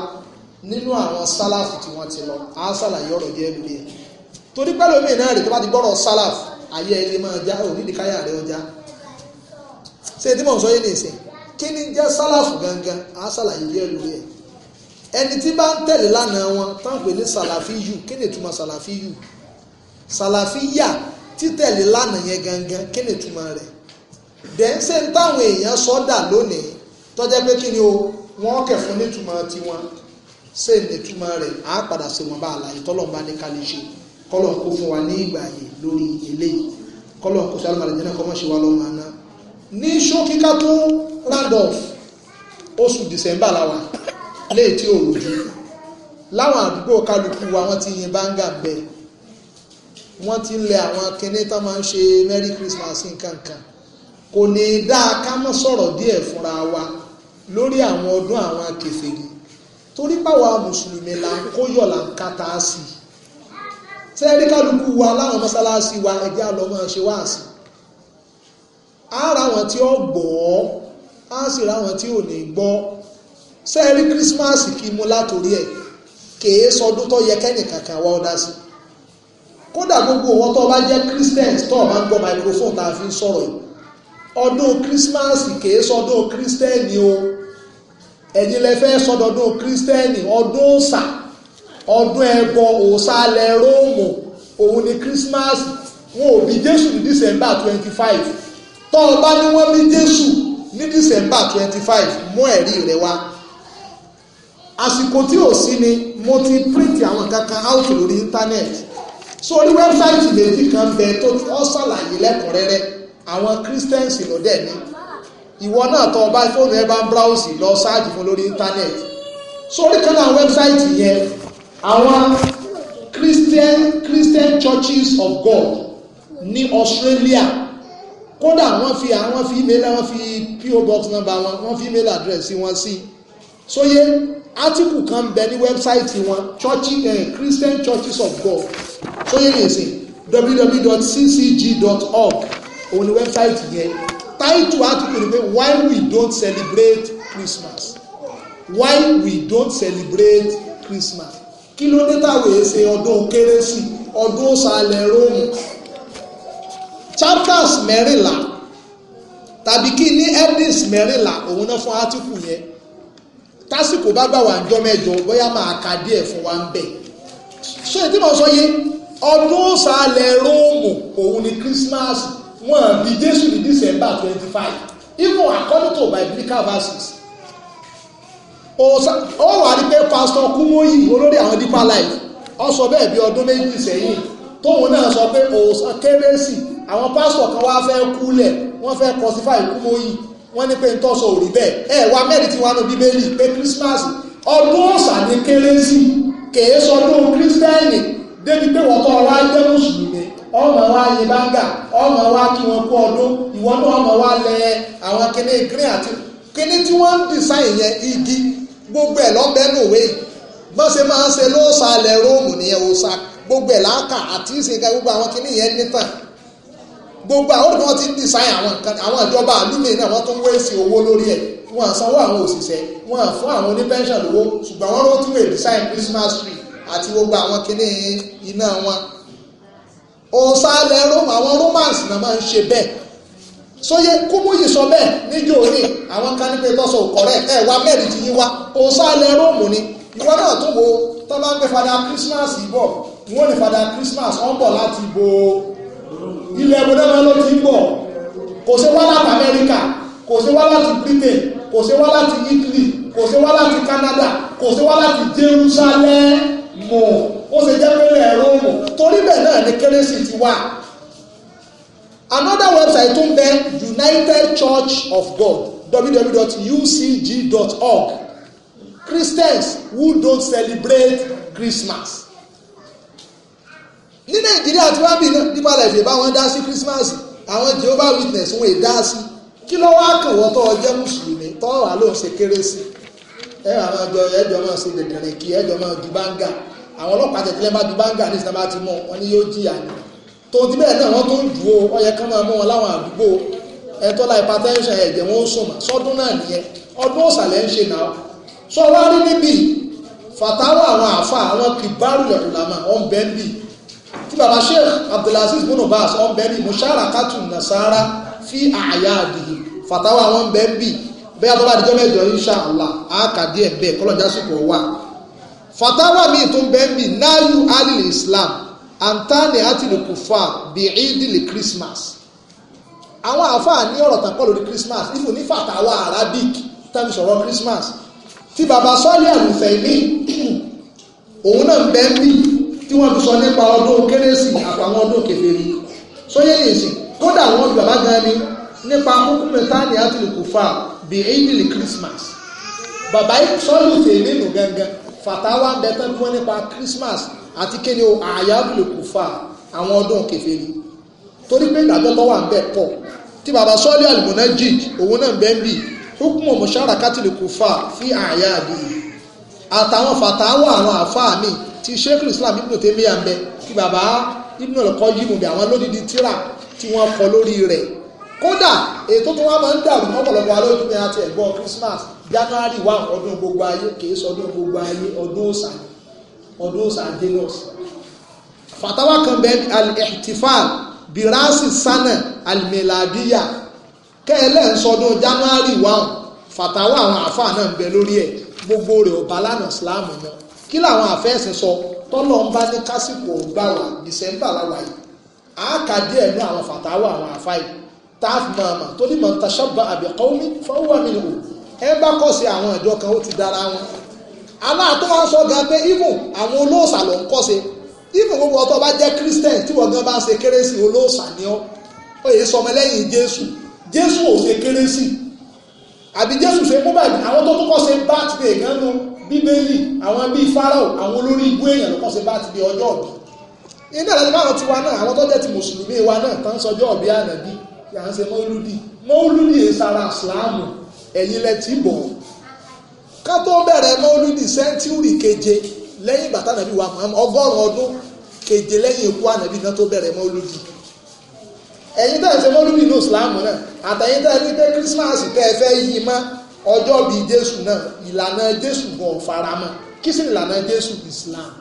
nínú àwọn salaf tí wọ́n ti lọ á ṣàlàyé ọ̀rọ̀ jẹ́ lóye torí pẹ́lú omi náà rè tó bá ti gbọ́rọ̀ salaf ayé ilé máa já ònídìí káyà rẹ̀ ọjà ṣé tí mò ń sọ yé nìsín kí ni jẹ́ salaf gangan á ṣàlàyé jẹ́ lóye ẹni tí bá ń tẹ̀lé lánàá wọn tán pè ní sàlàfíyù kí ni ìtumọ̀ sàlàfíyù sàlàfíyà títẹ̀lé lánàá yẹn gangan kí ni ìtumọ̀ rẹ̀ dẹ́nsẹ̀ ń táwọn èèyàn sọ́dà lónìí tọ́jẹ́ pé kí ni o wọ́n kẹ̀ fún nítumọ̀ tiwọn ṣé nítumọ̀ rẹ̀ á padà sí wọn bá àlàyé tọ́lọ̀ bá ní kálí ṣe kọ́lọ̀ kó fún wa ní ìgbà yìí lórí eléyìí kọ́lọ̀ kó sí alùpàdé jẹ́ náà kọ́ mọ́ la wà léyìí tí ò ròjú láwọn àdúgbò kálukú wa wọ́n ti yin báńgà bẹ́ẹ̀ wọ́n ti lẹ àwọn kinní tó máa ń ṣe merry christmas nǹkan kan kò ní dáa ká mọ́ sọ̀rọ̀ díẹ̀ fúnra wa lórí àwọn ọdún àwọn kèfèrí torí báwa mùsùlùmí là ń kóyọ̀ là ń kàtà sí i sẹ́ẹ̀rí kálukú wa láwọn mọ́sálásí wa ẹ̀jẹ̀ àlọ́ máa ṣe wá sí i á ra àwọn tí ó gbọ́ á sì ra àwọn tí ò ní gbọ́ sẹ́ẹ̀rí Christmas kì í mu látòrí ẹ̀ kèé sọdún tó yẹ kẹ́nì kankan wá ọ́dá sí kódà gbogbo wọn tó bá jẹ́ Christians tó bá ń gbọ́ microphone tá a fi ń sọ̀rọ̀ yìí ọdún Christmas kèé sọdún Christiani o ẹ̀yin lẹ fẹ́ sọdọ̀dún Christiani ọdún ọ̀sà ọdún ẹ̀bọ òsàlẹ̀ Róòmù òun ni Christmas wọn ò bí Jésù ní December twenty five tó o bá ní wọ́n bí Jésù ní December twenty five mú ẹ̀rí rẹ wá àsìkò tí ò sí ni mo ti print àwọn kankan out lórí internet so orí website méjì kan bẹ tó ọ ṣàlàyé lẹ́kùnrẹ́rẹ́ àwọn christians ló dẹ̀ ní ìwọ náà tó o bá fóònù ẹ bá ń browse lọ ṣáàjì fún lórí internet so orí kan náà wẹ́bsáìtì yẹn àwọn christian christian churches of god ní australia kódà wọ́n fi àwọn fi email wọ́n fi po box number wọn wọ́n fi email address sí wọn sí sóyè. So, yeah, Article kan ń bẹ ní wẹ́bsáìtì wọn church eh, Christian Churches of God sóyè ní ìsìn www.ccg.org òun ni wẹ́bsáìtì yẹn táìtù article ni pé why we don't celebrate Christmas why we don't celebrate Christmas kí ló dé táwọn èyí ṣe ọdún kérésì ọdún ọ̀sàlẹ̀ róòmù chapters mẹ́rìnlá tàbí kí ní edis mẹ́rìnlá òun náà fún átíkù yẹn tásìkò bá gbà wá ńjọ́ mẹ́jọ bóyá máa ka díẹ̀ fún wa ń bẹ̀ ṣé tí mo sọ yé ọdún òsàlẹ̀ róòmù òun ni christmas wọn bí jésù ní december twenty five even according to biblical verses ó wà ní pé pastor kumoyi olórí àwọn deeper life ó sọ bẹ́ẹ̀ bí ọdún méjì sẹ́yìn tóun náà sọ pé òòsàn kérésì àwọn pásítọ̀ kan wá fẹ́ kúlẹ̀ wọ́n fẹ́ kọsífà ìkúmóyì wọ́n ní pé ń tọ́sọ òrí bẹ́ẹ̀ ẹ wá mẹ́rin tí wọ́n á nu bíbélì pé Christmas ọdún ọ̀sà ní kérésì kèé sọdún kírísítẹ́nì débi pé wọ́n tọ́ ọ̀rá jẹ́ mùsùlùmí ọmọ wa yin báńgà ọmọ wa kí wọn kú ọdún ìwọ náà ọmọ wa lẹ àwọn kíní green àti kíní tí wọ́n ń design yẹn igi gbogbo ẹ̀ lọ́bẹ̀ẹ́ lòwe bọ́n ṣe máa ń ṣe lóòsà alẹ́ róòmù nìyẹn òòsà gbogbo ẹ̀ láǹkà àti ìsìnká gbogbo àwọn kíní yẹn nítàn gbogbo àwọn olùkọ́ ti ń design àwọn nǹkan àwọn ìjọba àlùmí náà wọ́n tún wéèsì owó lórí ẹ̀ wọ́n sanwó àwọn òṣìṣẹ́ wọ́n fún àwọn onípẹ́ńsàn lówó ṣùgbọ́n wọ́n rántí wèé design Christmas tree àti gbogbo àwọn kinní iná wọn. òǹsàlẹ̀ Rome àwọn Romans náà máa ń ṣe bẹ́ẹ̀ sóyè kúmúyì sọ bẹ́ẹ̀ níjó ní àwọn kánípé tọ́sọ̀ òkọ̀rẹ́ ẹ̀ wá mẹ́rin ti yín wá òǹsàlẹ̀ Rome ni ìwọ náà tó wo tọ́lá ń pẹ́ fada Christmas ìbọ̀ wọ́n ní fada Christmas ọ̀ ń bọ̀ láti bo ilẹ̀ ẹ̀bùdẹ́gbẹ́ ló ti ń bọ̀ kò ṣe wá láti Amẹ́ríkà kò ṣe wá láti Britain kò ṣe wá láti Italy kò ṣe wá láti Canada kò ṣe wá láti Jerusalem mọ̀ ó ṣe jẹ́ pẹ́lẹ̀ ẹ̀rọ mọ̀ torí bẹ́ẹ̀ náà ni kérésì ti wà another website tó ń bẹ United Church of God www.ucg.org Christians who don't celebrate Christmas ní nàìjíríà tí wọ́n bì náà nípa lẹ́fẹ̀ bá wọn dá sí christmas àwọn jehovah witness wọn è dá sí kí ló wá kàn wọ́n tó ọ jẹ́ mùsùlùmí tó wà ló ń ṣe kérésì ẹ àwọn ọjọ́ ẹjọ́ máa ṣe dẹ̀dẹ̀rẹ̀ kí ẹjọ́ máa du báńgà àwọn ọlọ́pàá tẹ̀tẹ̀lẹ́ máa du báńgà ní ìsinmi àti mọ́ wọn ni yóò jìyà ni tòun ti bẹ́ẹ̀ náà wọ́n tó ń dù ó ó yẹ ká máa mú wọn láwọn àdúgbò ẹtọ́lá hypertension ẹ̀jẹ̀ wọn ó sùnmọ̀ sọ́dún náà nìyẹn ọdún ọ̀sàlẹ̀ ń ṣe náà sọ wá rí níbi fàtàwọ̀ àwọn àfa àwọn kìbárù lọ́dún làmà ọ̀ ń bẹ́ẹ̀ bì tí baba sheikh abdulaziz bin bas ọ̀nbẹ́ni musharakatu nasara fi àyàdìhì fatawa wọn bẹ́ẹ̀ bì bẹ́ẹ̀ tó bá dijọ́ mẹ́jọ insha allah àkàdé ẹ̀ bẹ́ẹ̀ kọ́lọ́jà sùpọ̀ wà. fatawa mi tún bẹ́ẹ̀ bì náyù alil islam antani atili kufa bi idili christmas. àwọn àáfàá ní ọ̀rọ̀ tàkọ́ lórí christmas ifo ní fatawa arabic tàbí sọ̀rọ̀ christmas tí baba sọ́ọ́lì àlùfẹ́ mi òun náà bẹ́ẹ̀ bì tí wọ́n fi sọ nípa ọdún kérésì àtàwọn ọdún kèfèrí sóyè nìsín kódà wọ́n ju bàbá gan ni nípa kókó mẹ́tàlì àtìlùkùfà bí éjìlì christmas bàbá sọ́lù tèmi nù gangan fàtàwà bẹ́tẹ́ bí nípa christmas àti kéde àyàbùlùkùfà àwọn ọdún kèfèrí torí pé ìdájọ́ tó wà ń bẹ̀ pọ̀ tí bàbá sọ́lù àlùmọ́nà jìj òun náà bẹ́ẹ̀ bì hukumu mọ̀ṣára kátìlùkùfà fi àyà àdìyí àtàwọn fàtàwà àwọn àfáà míì ti sheikh islam ibn taymiyyah mbẹ kí bàbá ibn al-qayyim mbẹ àwọn lódìdí tíra tí wọ́n kọ lórí rẹ̀ kódà ètò tó wá máa ń dàrú ọ̀pọ̀lọpọ̀ alójúmọ́ àti ẹ̀gbọ́n christmas january one ọdún gbogbo ayé kìí sọ ọdún gbogbo ayé ọdún òsà ọdún òsà janus fatawa kan bẹ́ẹ̀ al-ihtifal birasi sana al-miladiya kẹ́ẹ̀lẹ́ ń sọdún january one fatawa àwọn àfa náà ń bẹ lórí ẹ̀ gbogbo rẹ̀ ọ̀bá lánàá islam náà kí làwọn àfẹ́sìn sọ tọ́lọ̀ ń bá ní kásìkò gbà wà dìsẹ́mbà láwà yìí àáka díẹ̀ ní àwọn fàtàwọ̀ àwọn àfáì táàfù mọ̀ọ́mọ̀ tó ní mọ̀ọ́ta ṣọ́ba àbẹ̀kọ́ omi fọwọ́ mi wò ẹ bá kọ̀ sí àwọn ìjọ kan ó ti dára wọn. aláàtọ́ wa sọ gan pé ibo àwọn olóòṣà ló ń kọ́ sí ibo gbogbo ọtọ́ bá jẹ́ christian tí wọ́n gan bá ń ṣe kérésì olóòṣà ni ọ́ ó yẹ sọmọ lẹ́yìn jésù jésù ò ṣe kérésì àbí jésù ṣe mú bàbí àwọn tó tún kọ́ ṣe birthday gan nù bíbélì àwọn bíi Fáráò àwọn olórí ibú èèyàn ló kọ́ ṣe bá ti di ọjọ́ ọ̀bí iná àti báwọn tiwa náà àwọn tó jẹ́ ti mùsùlùmí wa náà tán sọjọ́ ọ̀bí ànàbí yà ń ṣe mọ́lúdì mọ́lúdì e sara ìsìláàmù ẹ̀yin lẹ ti bọ̀ ká tó bẹ̀rẹ̀ mọ́lúdì sẹ́ńtúrì keje lẹ́yìn ìgbà tánàbí wa mọ̀ ọgọ́rùn ọdún keje lẹ́yìn ikú ànàbí náà tó bẹ̀rẹ̀ mọ́lúdì ẹ̀yin tẹ́ ẹ ṣe mọ́lúdì ní ìsìláàmù náà àtẹ̀yin tẹ́ ẹ ní pé kírísímàsì tẹ́ ẹ ọjọ́ bíi jésù náà ìlànà jésù gan faramọ́ kí sì ìlànà jésù islam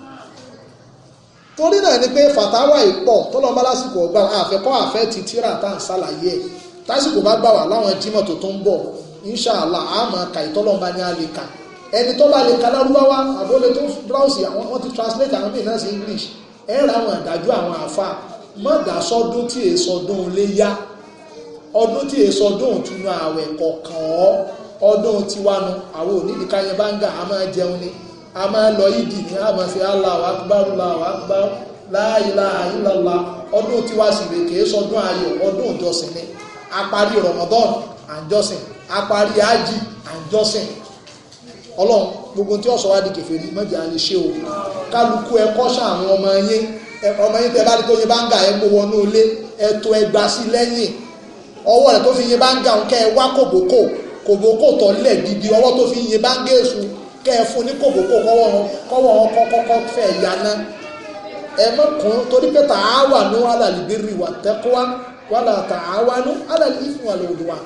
torí náà ni pé fàtàwà ìpọ̀ tó lọ́n bá lásìkò ọgbà àfẹ́kọ́ àfẹ́ ti tíra tá à ń ṣàlàyé ẹ̀ tásìkò bá gbà wá láwọn jímọ̀ tó tó ń bọ̀ inṣàlá àmọ́ ka ìtọ́lọ́n bá ní alẹ́ ka ẹni tó bá lè ka lárúbáwá àbólé tó browse àwọn wọn ti translate àwọn mìíràn sí english ẹ ra àwọn àdájọ àwọn àfa mọ̀dà sọdún tí èso ọdún léyà ọdún tí èso ọdún òtún ààwẹ̀ kọ̀ọ̀kan ọ́ ọdún tiwanu àwọn onídìí káyẹ báńgà a máa jẹun ni a máa lọ ìdì ní a máa fi Allahu akbar Allahu akbar la ilaha illallah ọdún tiwa sì rè kìí sọdún ayọ̀ ọdún ìjọsìn ni a parí Ramadan à ń jọ́sìn a parí ájì à ń jọ́sìn ọlọ́run gbogbo tí ọ̀sọ̀ wa di kèfèrí mọ́jà lè ṣe o kálukú ẹ kọ́ṣà àwọn ọmọ yín ọmọ yín tẹ bá rí tó yín bá ń gà ẹ kó wọnú ilé ẹ tó ẹgbàá sí lẹ́yìn ọwọ́ rẹ̀ tó fi yín bá ń ẹ wá kòbókò kòbókò tọ́ lẹ̀ gidi ọwọ́ tó fi ń yẹ báńgẹ́sù kẹ́ ẹ fún ní kòbókò kọ́wọ́ wọn kọ́wọ́ wọn kọ́kọ́kọ́ fẹ́ yaná ẹ má kún torí pé tààwánú alàlìbírì wà tẹ́kọ́wá wàlà tààwánú alàlìfún àlòdùwà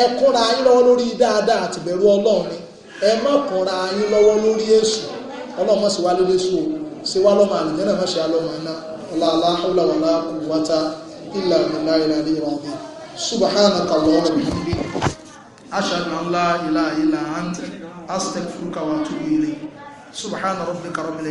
ẹ kúnra yín lọ́wọ́ lórí dáadáa àtìbẹ̀rù ọlọ́run ẹ má kúnra yín lọ́wọ́ lórí èṣù ọlọ́mọ sì wá lórí èṣù o sì lọ́mọ àlùjẹ́ náà má ṣe alọ́mọ iná ọlọ́ọ̀lá أشهد أن لا إله إلا أنت أستغفرك وأتوب إليك سبحان ربك رب العزة